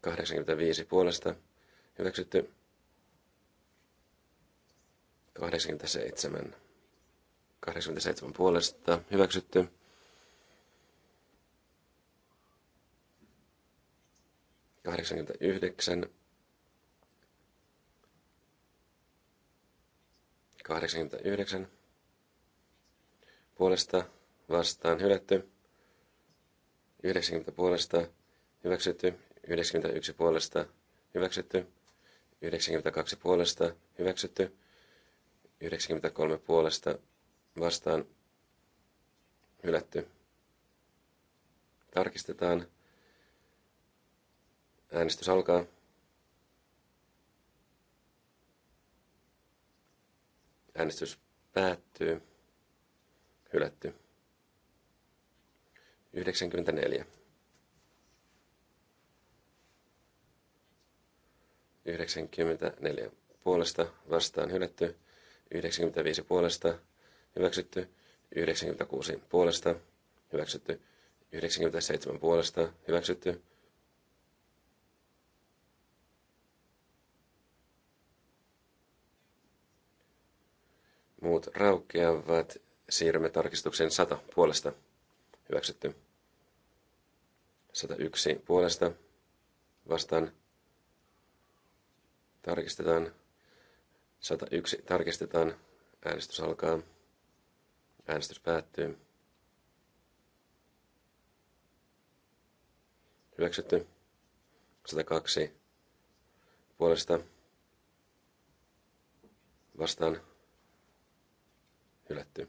Speaker 3: 85 puolesta hyväksytty. 87. 87 puolesta hyväksytty. 89, 89 puolesta vastaan hylätty, 90 puolesta hyväksytty, 91 puolesta hyväksytty, 92 puolesta hyväksytty, 93 puolesta vastaan hylätty. Tarkistetaan Äänestys alkaa. Äänestys päättyy. Hylätty. 94. 94 puolesta vastaan hylätty. 95 puolesta hyväksytty. 96 puolesta hyväksytty. 97 puolesta hyväksytty. Muut raukeavat. Siirrymme tarkistukseen 100 puolesta. Hyväksytty. 101 puolesta. Vastaan. Tarkistetaan. 101 tarkistetaan. Äänestys alkaa. Äänestys päättyy. Hyväksytty. 102 puolesta vastaan hylätty.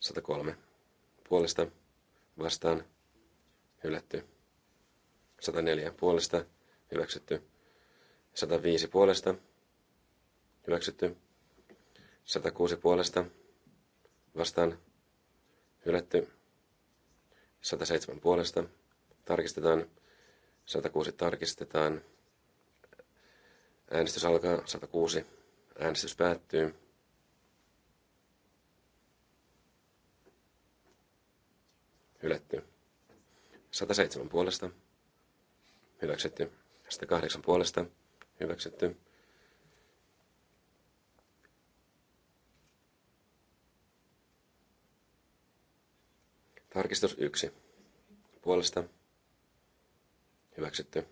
Speaker 3: 103 puolesta vastaan hylätty. 104 puolesta hyväksytty. 105 puolesta hyväksytty. 106 puolesta vastaan hylätty. 107 puolesta tarkistetaan. 106 tarkistetaan. Äänestys alkaa 106. Äänestys päättyy. Hylätty. 107 puolesta. Hyväksytty. 108 puolesta. Hyväksytty. Tarkistus 1. Puolesta. Hyväksytty.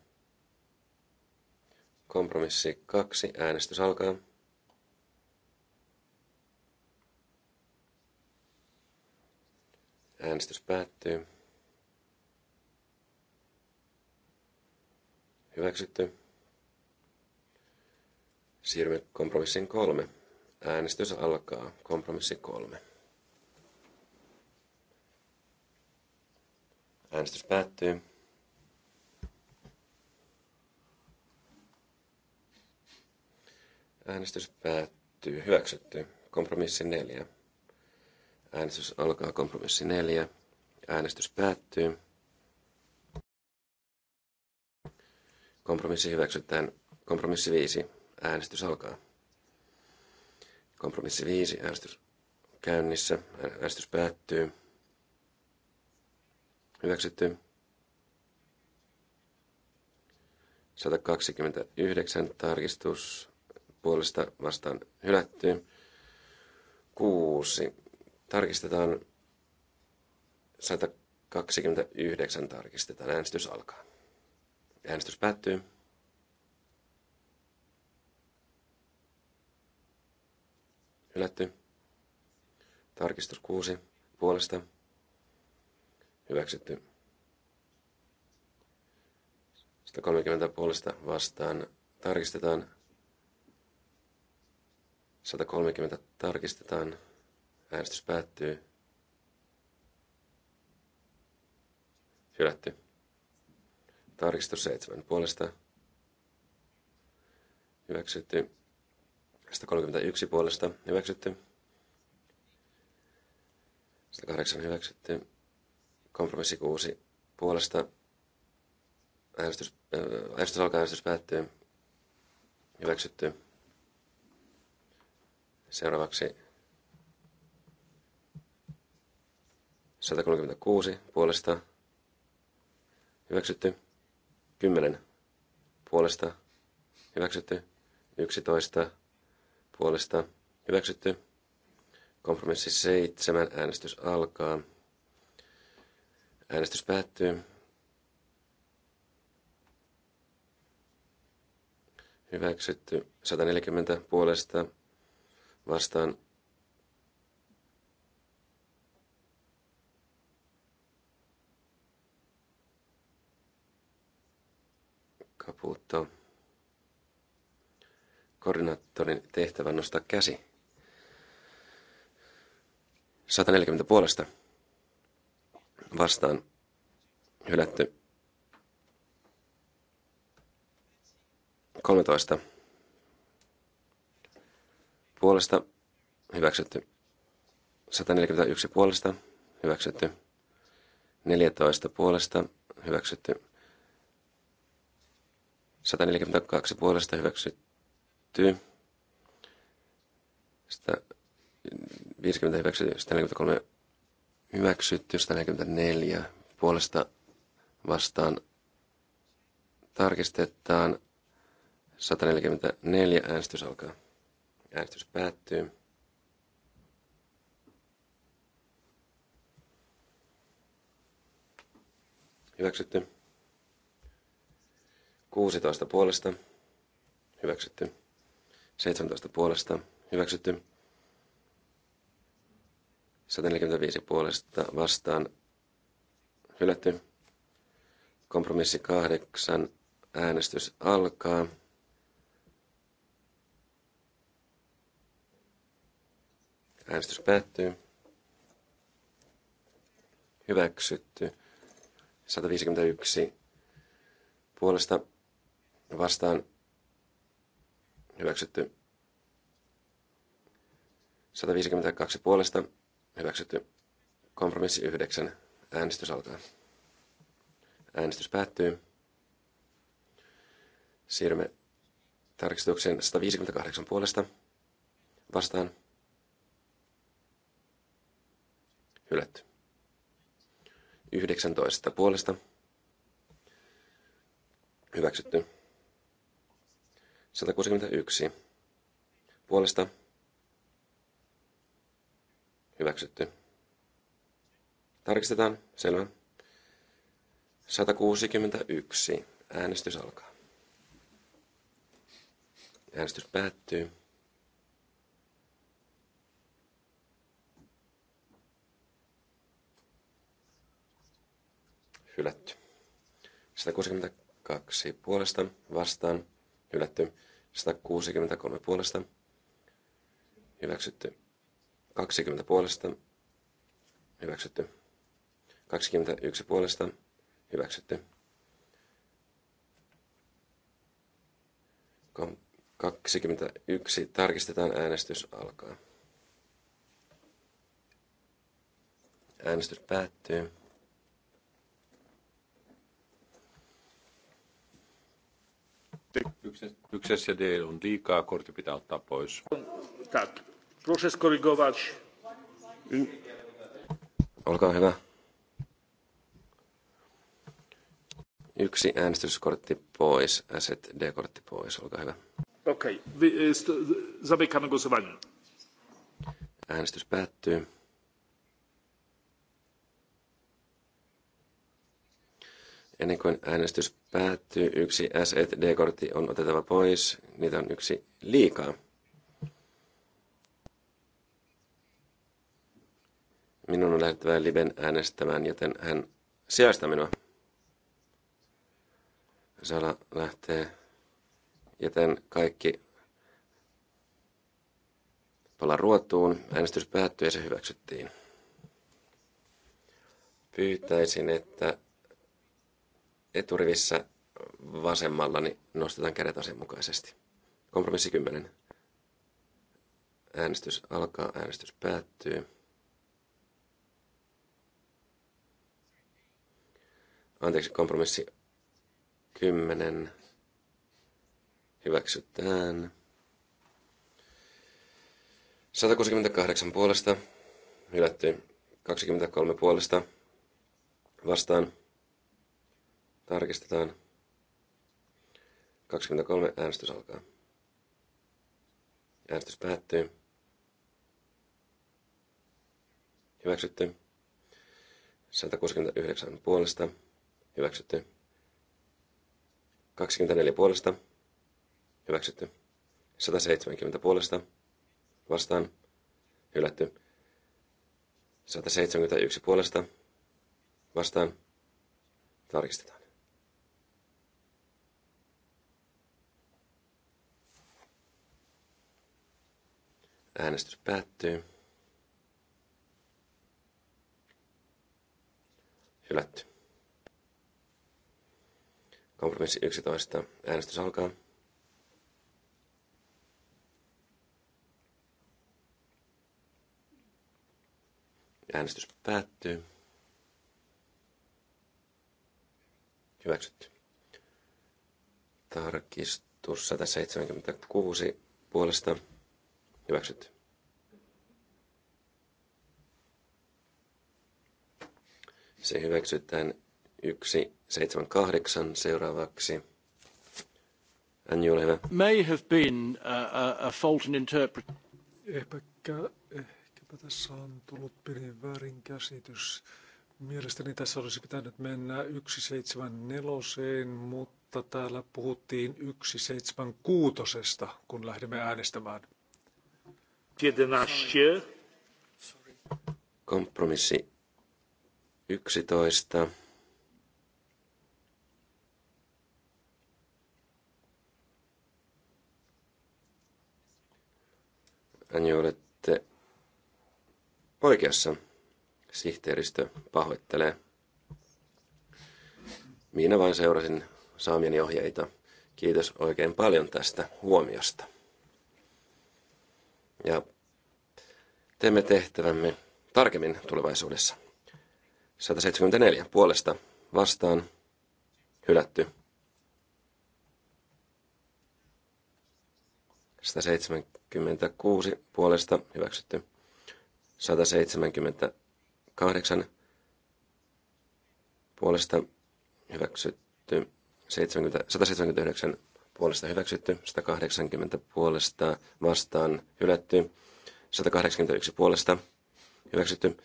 Speaker 3: Kompromissi 2. Äänestys alkaa. Äänestys päättyy. Hyväksytty. Siirrymme kompromissin kolme. Äänestys alkaa. Kompromissi kolme. Äänestys päättyy. Äänestys päättyy. Hyväksytty. Kompromissi neljä. Äänestys alkaa kompromissi 4. Äänestys päättyy. Kompromissi hyväksytään. Kompromissi 5. Äänestys alkaa. Kompromissi 5. Äänestys käynnissä. Äänestys päättyy. Hyväksytty. 129 tarkistus puolesta vastaan hylätty. 6 Tarkistetaan 129 tarkistetaan. Äänestys alkaa. Äänestys päättyy. Hylätty. Tarkistus 6 puolesta. Hyväksytty. 130 puolesta vastaan. Tarkistetaan. 130 tarkistetaan. Äänestys päättyy. Hylätty. Tarkistus 7 puolesta. Hyväksytty. 131 puolesta. Hyväksytty. 108 hyväksytty. Kompromissi 6 puolesta. Äänestys, äh, äänestys alkaa, äänestys päättyy. Hyväksytty. Seuraavaksi 136 puolesta hyväksytty. 10 puolesta hyväksytty. 11 puolesta hyväksytty. Kompromissi 7. Äänestys alkaa. Äänestys päättyy. Hyväksytty 140 puolesta vastaan Caputo. Koordinaattorin tehtävä nostaa käsi. 140 puolesta vastaan hylätty 13 puolesta hyväksytty 141 puolesta hyväksytty 14 puolesta hyväksytty 142 puolesta hyväksytty. 150 hyväksytty, 143 hyväksytty, 144 puolesta vastaan tarkistetaan. 144 äänestys alkaa. Äänestys päättyy. Hyväksytty. 16 puolesta, hyväksytty. 17 puolesta, hyväksytty. 145 puolesta vastaan, hylätty. Kompromissi 8, äänestys alkaa. Äänestys päättyy. Hyväksytty. 151 puolesta vastaan hyväksytty. 152 puolesta hyväksytty. Kompromissi 9. Äänestys alkaa. Äänestys päättyy. Siirrymme tarkistukseen 158 puolesta vastaan. Hylätty. 19 puolesta. Hyväksytty. 161. Puolesta. Hyväksytty. Tarkistetaan. Selvä. 161. Äänestys alkaa. Äänestys päättyy. Hylätty. 162 puolesta vastaan hylätty. 163 puolesta, hyväksytty. 20 puolesta, hyväksytty. 21 puolesta, hyväksytty. 21. Tarkistetaan äänestys alkaa. Äänestys päättyy. Yksi SD
Speaker 5: on liikaa, kortti pitää ottaa pois.
Speaker 1: Tak. Proszę skorygować.
Speaker 3: Olkaa hyvä. Yksi äänestyskortti pois, d kortti pois, olkaa hyvä.
Speaker 1: Okei, okay. zamykamy głosowanie.
Speaker 3: Äänestys päättyy. Ennen kuin äänestys päättyy, yksi SED-kortti on otettava pois. Niitä on yksi liikaa. Minun on lähdettävä Liben äänestämään, joten hän sijaista minua. Sala lähtee, joten kaikki palaa ruotuun. Äänestys päättyy ja se hyväksyttiin. Pyytäisin, että eturivissä vasemmalla, niin nostetaan kädet asianmukaisesti. Kompromissi 10. Äänestys alkaa, äänestys päättyy. Anteeksi, kompromissi 10. Hyväksytään. 168 puolesta, hylätty 23 puolesta, vastaan Tarkistetaan. 23. Äänestys alkaa. Äänestys päättyy. Hyväksytty. 169 puolesta. Hyväksytty. 24 puolesta. Hyväksytty. 170 puolesta. Vastaan. Hylätty. 171 puolesta. Vastaan. Tarkistetaan. Äänestys päättyy. Hylätty. Kompromissi 11. Äänestys alkaa. Äänestys päättyy. Hyväksytty. Tarkistus 176 puolesta. Hyväksytty. Se hyväksytään 178 seuraavaksi. Anju, ole hyvä.
Speaker 1: May have been a, a fault in interpret-
Speaker 2: ehkäpä, ehkäpä tässä on tullut pieni väärinkäsitys. Mielestäni tässä olisi pitänyt mennä 174, mutta täällä puhuttiin 176, kun lähdemme
Speaker 1: äänestämään. 11.
Speaker 3: Kompromissi 11. Anjo, olette oikeassa. Sihteeristö pahoittelee. Minä vain seurasin saamieni ohjeita. Kiitos oikein paljon tästä huomiosta ja teemme tehtävämme tarkemmin tulevaisuudessa. 174 puolesta vastaan hylätty. 176 puolesta hyväksytty. 178 puolesta hyväksytty. 70, 179 puolesta hyväksytty, 180 puolesta vastaan hylätty, 181 puolesta hyväksytty,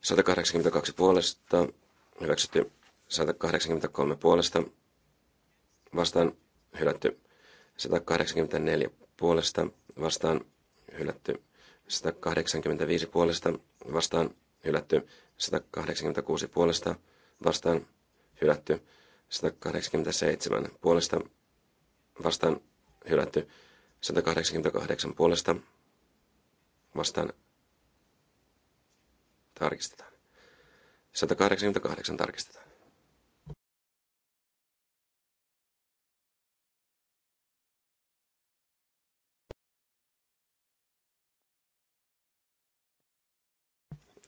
Speaker 3: 182 puolesta hyväksytty, 183 puolesta vastaan hylätty, 184 puolesta vastaan hylätty, 185 puolesta vastaan hylätty, 186 puolesta vastaan hylätty, 187 puolesta vastaan hylätty 188 puolesta vastaan tarkistetaan. 188 tarkistetaan.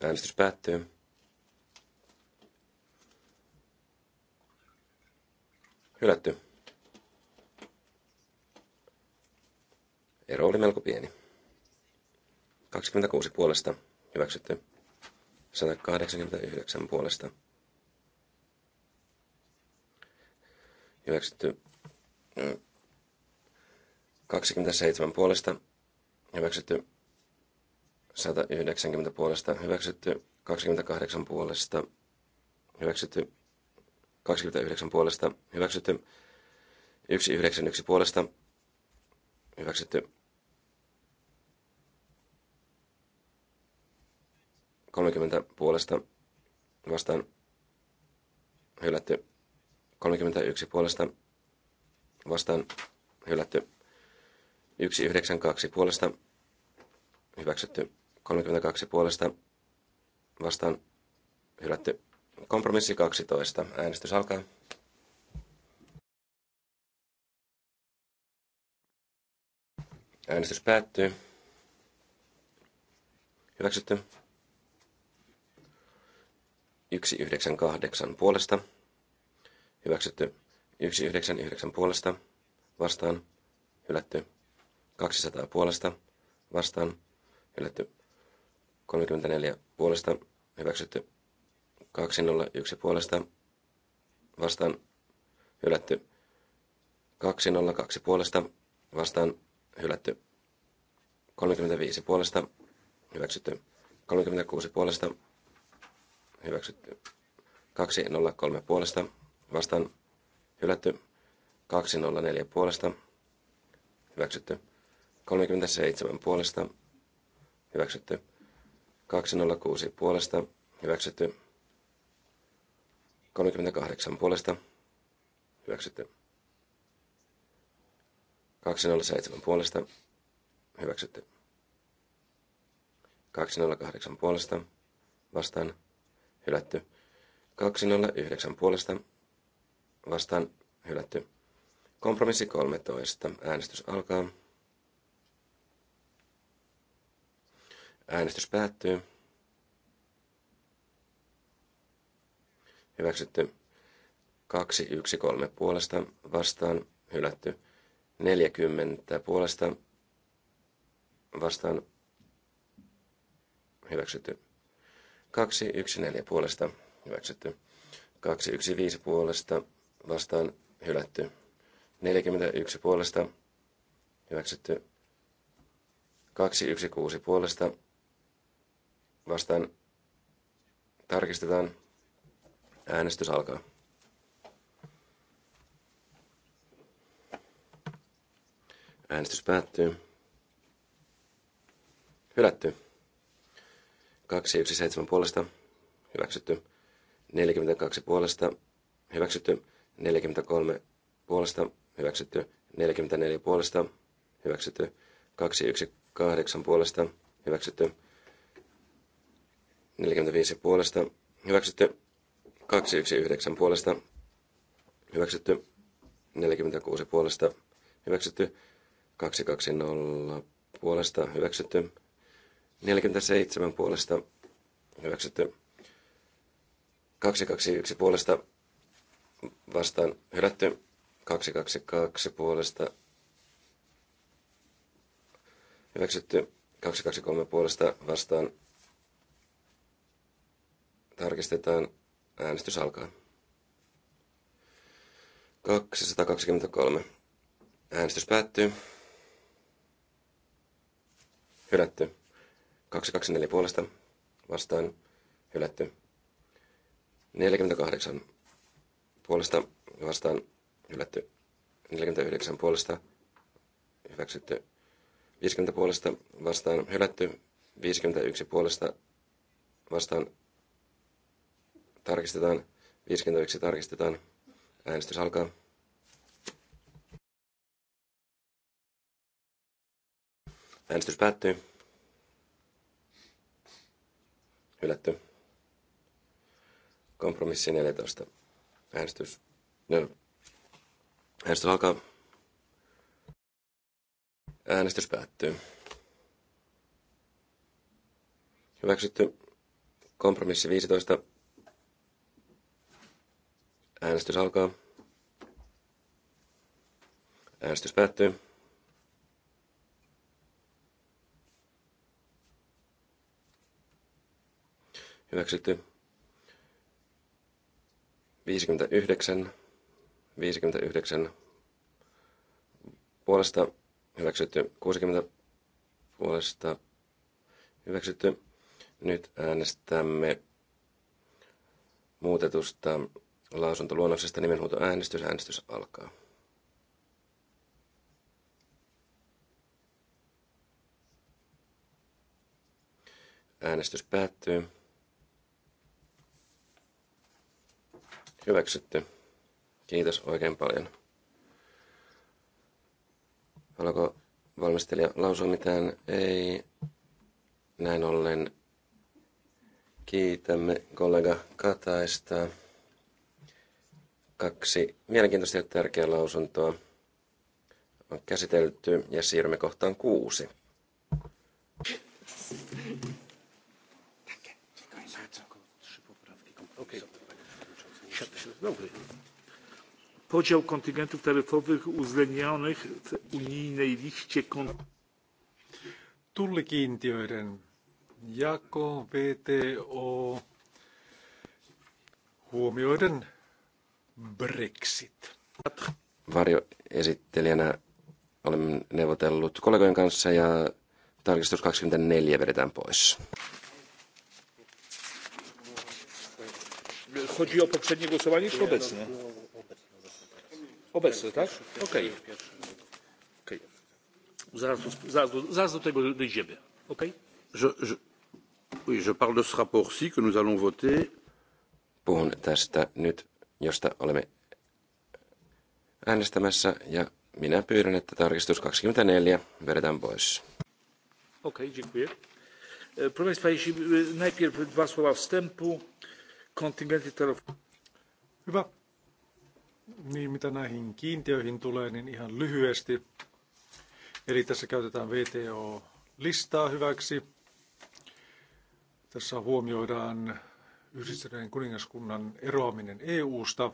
Speaker 3: Äänestys päättyy. Hylätty. Ero oli melko pieni. 26 puolesta hyväksytty. 189 puolesta hyväksytty. 27 puolesta hyväksytty. 190 puolesta hyväksytty. 28 puolesta hyväksytty. 29 puolesta hyväksytty. 191 puolesta Hyväksytty. 30 puolesta vastaan hylätty. 31 puolesta vastaan hylätty. 192 puolesta hyväksytty. 32 puolesta vastaan hylätty. Kompromissi 12. Äänestys alkaa. Äänestys päättyy. Hyväksytty. 198 puolesta. Hyväksytty. 199 puolesta. Vastaan. Hylätty. 200 puolesta. Vastaan. Hylätty. 34 puolesta. Hyväksytty. 201 puolesta. Vastaan. Hylätty. 202 puolesta. Vastaan hylätty. 35 puolesta hyväksytty. 36 puolesta hyväksytty. 203 puolesta vastaan hylätty. 204 puolesta hyväksytty. 37 puolesta hyväksytty. 206 puolesta hyväksytty. 38 puolesta hyväksytty. 207 puolesta. Hyväksytty. 208 puolesta. Vastaan. Hylätty. 209 puolesta. Vastaan. Hylätty. Kompromissi 13. Äänestys alkaa. Äänestys päättyy. Hyväksytty. 213 puolesta vastaan hylätty. 40 puolesta vastaan hyväksytty. 214 puolesta hyväksytty. 215 puolesta vastaan hylätty. 41 puolesta hyväksytty. 216 puolesta vastaan tarkistetaan. Äänestys alkaa. Äänestys päättyy. Hylätty. 217 puolesta. Hyväksytty. 42 puolesta. Hyväksytty. 43 puolesta. Hyväksytty. 44 puolesta. Hyväksytty. 218 puolesta. Hyväksytty. 45 puolesta. Hyväksytty. 219 puolesta. Hyväksytty. 46 puolesta. Hyväksytty. 220 puolesta hyväksytty. 47 puolesta hyväksytty. 221 puolesta vastaan hylätty. 222 puolesta hyväksytty. 223 puolesta vastaan tarkistetaan. Äänestys alkaa. 223. Äänestys päättyy hylätty. 224 puolesta vastaan hylätty. 48 puolesta vastaan hylätty. 49 puolesta hyväksytty. 50 puolesta vastaan hylätty. 51 puolesta vastaan tarkistetaan. 51 tarkistetaan. Äänestys alkaa. Äänestys päättyy. Hylätty. Kompromissi 14. Äänestys. No. Äänestys alkaa. Äänestys päättyy. Hyväksytty. Kompromissi 15. Äänestys alkaa. Äänestys päättyy. hyväksytty. 59, 59 puolesta hyväksytty, 60 puolesta hyväksytty. Nyt äänestämme muutetusta lausuntoluonnoksesta nimenhuuto äänestys. Äänestys alkaa. Äänestys päättyy. Hyväksytty. Kiitos oikein paljon. Haluatko valmistelija lausua mitään? Ei. Näin ollen kiitämme kollega Kataista. Kaksi mielenkiintoista ja tärkeää lausuntoa on käsitelty ja siirrymme kohtaan kuusi.
Speaker 1: dobry. No, podział kontyngentów taryfowych uwzględnionych w unijnej liście Tullikiintiöiden jako
Speaker 2: VTO huomioiden Brexit.
Speaker 3: Varjoesittelijänä olen neuvotellut kollegojen kanssa ja tarkistus 24 vedetään pois.
Speaker 1: Chodzi o poprzednie głosowanie czy obecne?
Speaker 4: Obecne, tak? Okej. Okay. okay.
Speaker 1: Zaraz, zaraz, zaraz do tego dojdziemy. Okay?
Speaker 3: Je, je, oui,
Speaker 4: je parle de ce rapport-ci que nous allons voter.
Speaker 3: Puhun tästä nyt, josta olemme äänestämässä ja minä pyydän, että tarkistus 24 vedetään pois.
Speaker 1: Okei, okay, dziękuję. E, proszę Państwa, jeśli e, najpierw dwa słowa wstępu kontingentit
Speaker 2: Hyvä. Niin, mitä näihin kiintiöihin tulee, niin ihan lyhyesti. Eli tässä käytetään VTO-listaa hyväksi. Tässä huomioidaan yhdistyneen kuningaskunnan eroaminen EU-sta.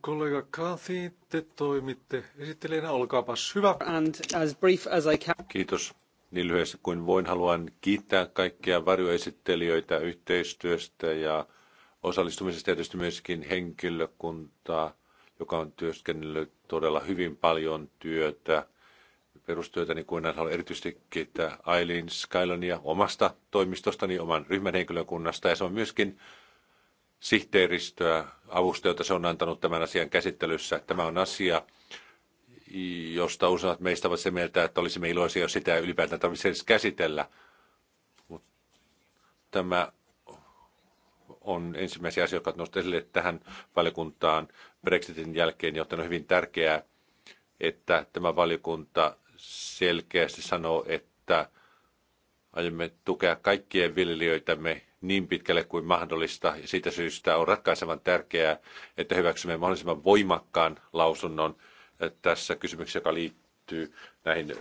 Speaker 2: Kollega Kathy, te toimitte esittelijänä, olkaapas hyvä. And as brief
Speaker 1: as I can.
Speaker 5: Kiitos niin lyhyesti kuin voin, haluan kiittää kaikkia varjoesittelijöitä yhteistyöstä ja osallistumisesta tietysti myöskin henkilökuntaa, joka on työskennellyt todella hyvin paljon työtä, perustyötä, niin kuin haluan erityisesti kiittää Aileen Skylonia omasta toimistostani, oman ryhmän henkilökunnasta. Ja se on myöskin sihteeristöä, avusta, se on antanut tämän asian käsittelyssä. Tämä on asia, josta useat meistä ovat se mieltä, että olisimme iloisia, jos sitä ylipäätään tarvitsisi edes käsitellä. Mut tämä on ensimmäisiä asioita, jotka nostan esille tähän valiokuntaan Brexitin jälkeen, joten on hyvin tärkeää, että tämä valiokunta selkeästi sanoo, että aiomme tukea kaikkien viljelijöitämme niin pitkälle kuin mahdollista. Ja siitä syystä on ratkaisevan tärkeää, että hyväksymme mahdollisimman voimakkaan lausunnon, tässä kysymyksessä, joka liittyy näihin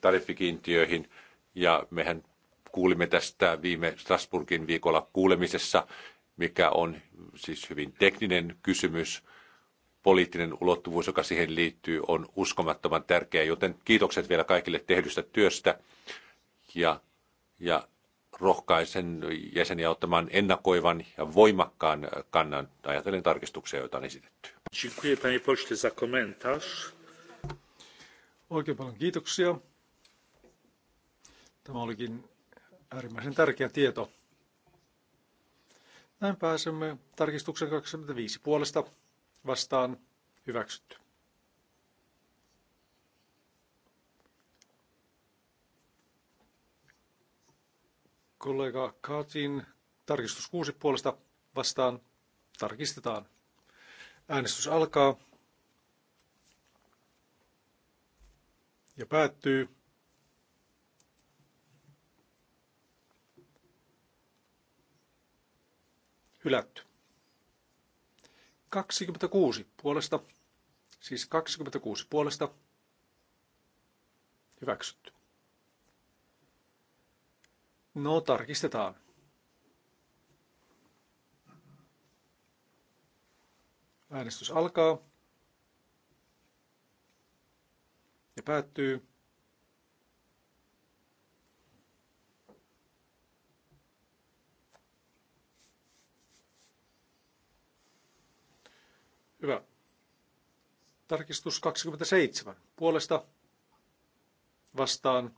Speaker 5: tariffikiintiöihin. Ja mehän kuulimme tästä viime Strasburgin viikolla kuulemisessa, mikä on siis hyvin tekninen kysymys. Poliittinen ulottuvuus, joka siihen liittyy, on uskomattoman tärkeä, joten kiitokset vielä kaikille tehdystä työstä. Ja, ja rohkaisen jäseniä ottamaan ennakoivan ja voimakkaan kannan ajatellen tarkistuksia, joita on esitetty.
Speaker 2: Oikein paljon kiitoksia. Tämä olikin äärimmäisen tärkeä tieto. Näin pääsemme tarkistuksen 25 puolesta vastaan hyväksytty. Kollega Katin tarkistus kuusi puolesta vastaan tarkistetaan. Äänestys alkaa ja päättyy. Hylätty. 26 puolesta, siis 26 puolesta hyväksytty. No, tarkistetaan. Äänestys alkaa ja päättyy. Hyvä. Tarkistus 27. Puolesta vastaan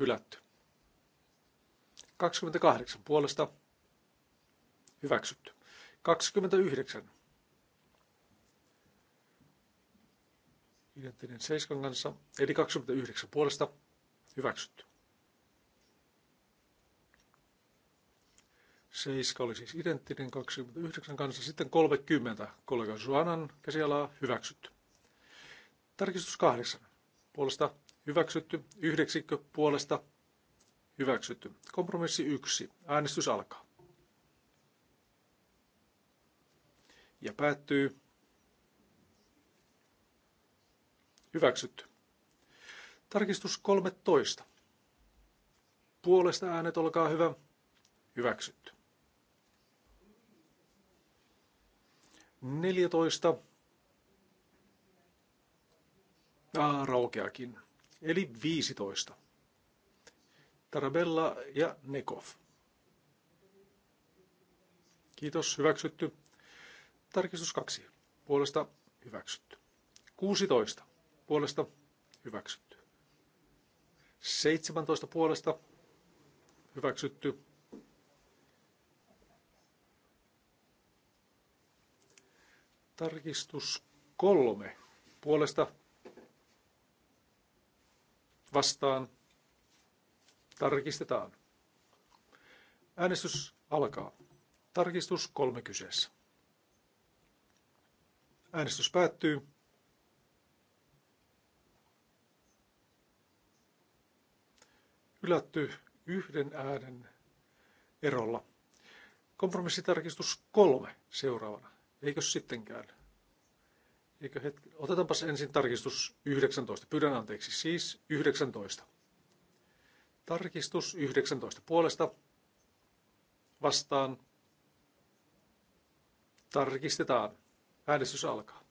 Speaker 2: hylätty. 28 puolesta hyväksytty. 29 identtinen 7 kanssa, eli 29 puolesta hyväksytty. 7 oli siis identtinen 29 kanssa, sitten 30 kollega Suanan käsialaa hyväksytty. Tarkistus 8 puolesta hyväksytty, yhdeksikkö puolesta Hyväksytty. Kompromissi 1. Äänestys alkaa. Ja päättyy. Hyväksytty. Tarkistus 13. Puolesta äänet, olkaa hyvä. Hyväksytty. 14. Aa, raukeakin. Eli 15. Tarabella ja Nekov. Kiitos, hyväksytty. Tarkistus 2. Puolesta hyväksytty. 16. Puolesta hyväksytty. 17 puolesta hyväksytty. Tarkistus 3 puolesta vastaan Tarkistetaan. Äänestys alkaa. Tarkistus kolme kyseessä. Äänestys päättyy. Ylätty yhden äänen erolla. Kompromissitarkistus kolme seuraavana. Eikö sittenkään? Eikö hetki? Otetaanpas ensin tarkistus 19. Pyydän anteeksi, siis 19. Tarkistus 19 puolesta vastaan. Tarkistetaan. Äänestys alkaa.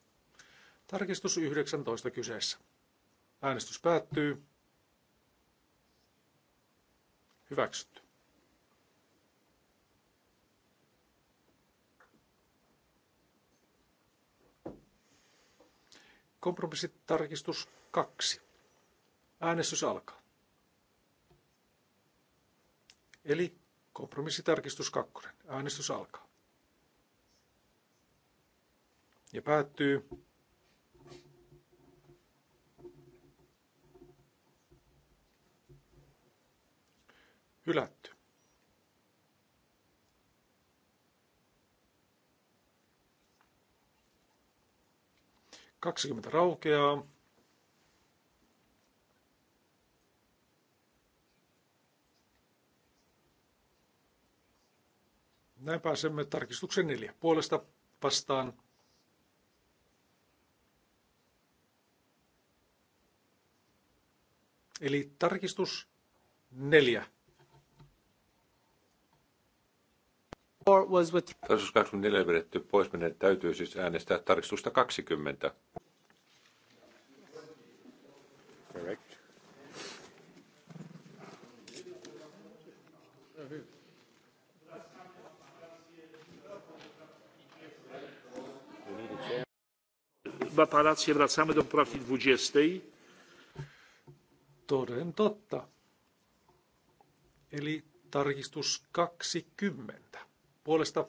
Speaker 2: Tarkistus 19 kyseessä. Äänestys päättyy. Hyväksytty. Kompromissitarkistus 2. Äänestys alkaa. Eli kompromissitarkistus 2. Äänestys alkaa. Ja päättyy. Hylätty. Kaksikymmentä raukeaa. Näin pääsemme tarkistuksen neljä. Puolesta vastaan Eli tarkistus
Speaker 5: neljä. Tarkistus 24 vedetty pois, menen täytyy siis äänestää tarkistusta 20.
Speaker 1: ma pan wracamy do poprawki 20. Toden
Speaker 2: totta. Eli tarkistus 20. Puolesta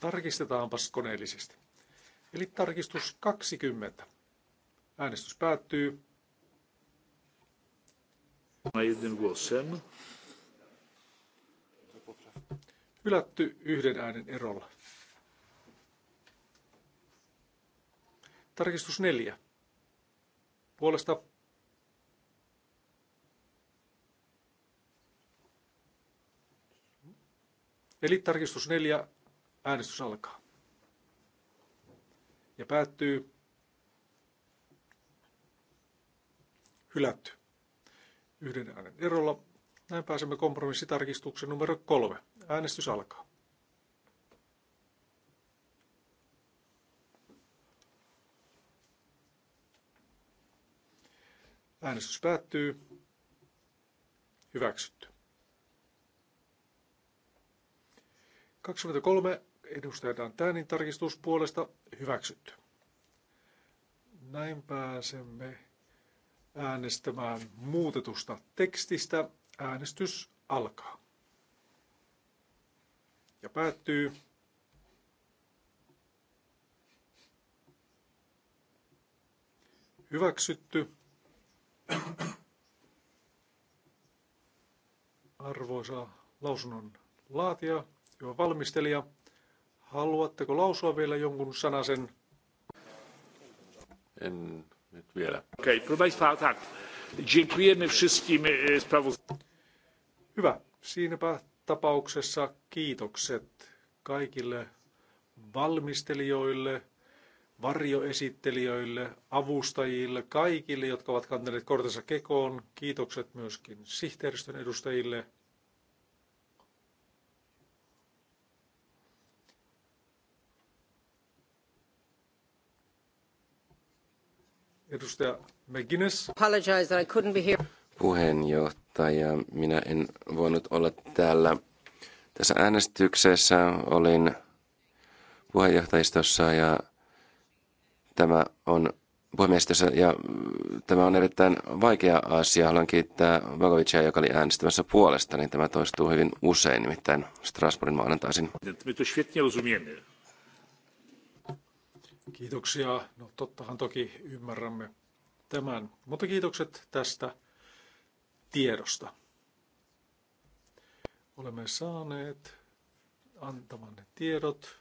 Speaker 2: tarkistetaanpas koneellisesti. Eli tarkistus 20. Äänestys päättyy. Jednym głosem. Hylätty yhden äänen erolla. Tarkistus neljä. Puolesta Eli tarkistus neljä, äänestys alkaa. Ja päättyy. Hylätty. Yhden äänen erolla. Näin pääsemme kompromissitarkistuksen numero kolme. Äänestys alkaa. Äänestys päättyy. Hyväksytty. 23 edustaja Dantänin tarkistus puolesta hyväksytty. Näin pääsemme äänestämään muutetusta tekstistä. Äänestys alkaa ja päättyy. Hyväksytty. Arvoisa lausunnon laatija, hyvä valmistelija, haluatteko lausua vielä jonkun sanasen?
Speaker 1: En nyt vielä. Okei, okay, e,
Speaker 2: Hyvä. Siinäpä tapauksessa kiitokset kaikille valmistelijoille, varjoesittelijöille, avustajille, kaikille, jotka ovat kantaneet kortensa kekoon. Kiitokset myöskin sihteeristön edustajille. Edustaja McGuinness. Apologize that I couldn't be here
Speaker 3: puheenjohtaja. Minä en voinut olla täällä tässä äänestyksessä. Olin puheenjohtajistossa ja tämä on puhemiehistössä ja tämä on erittäin vaikea asia. Haluan kiittää Vagovicia, joka oli äänestämässä puolesta, niin tämä toistuu hyvin usein, nimittäin Strasbourgin maanantaisin.
Speaker 2: Kiitoksia. No tottahan toki ymmärrämme tämän, mutta kiitokset tästä tiedosta. Olemme saaneet antamanne tiedot,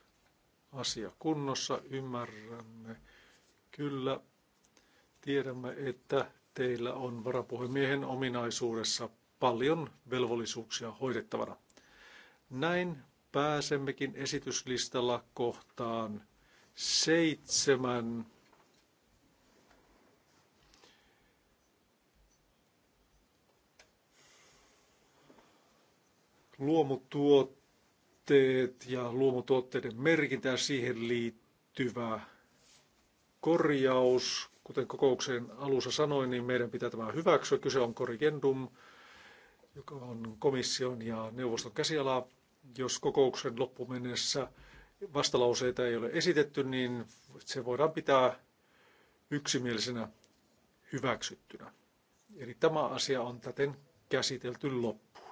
Speaker 2: asia kunnossa, ymmärrämme kyllä, tiedämme, että teillä on varapuhemiehen ominaisuudessa paljon velvollisuuksia hoidettavana. Näin pääsemmekin esityslistalla kohtaan seitsemän. luomutuotteet ja luomutuotteiden merkintä ja siihen liittyvä korjaus. Kuten kokouksen alussa sanoin, niin meidän pitää tämä hyväksyä. Kyse on korrigendum, joka on komission ja neuvoston käsiala. Jos kokouksen loppumennessä vastalauseita ei ole esitetty, niin se voidaan pitää yksimielisenä hyväksyttynä. Eli tämä asia on täten käsitelty loppuun.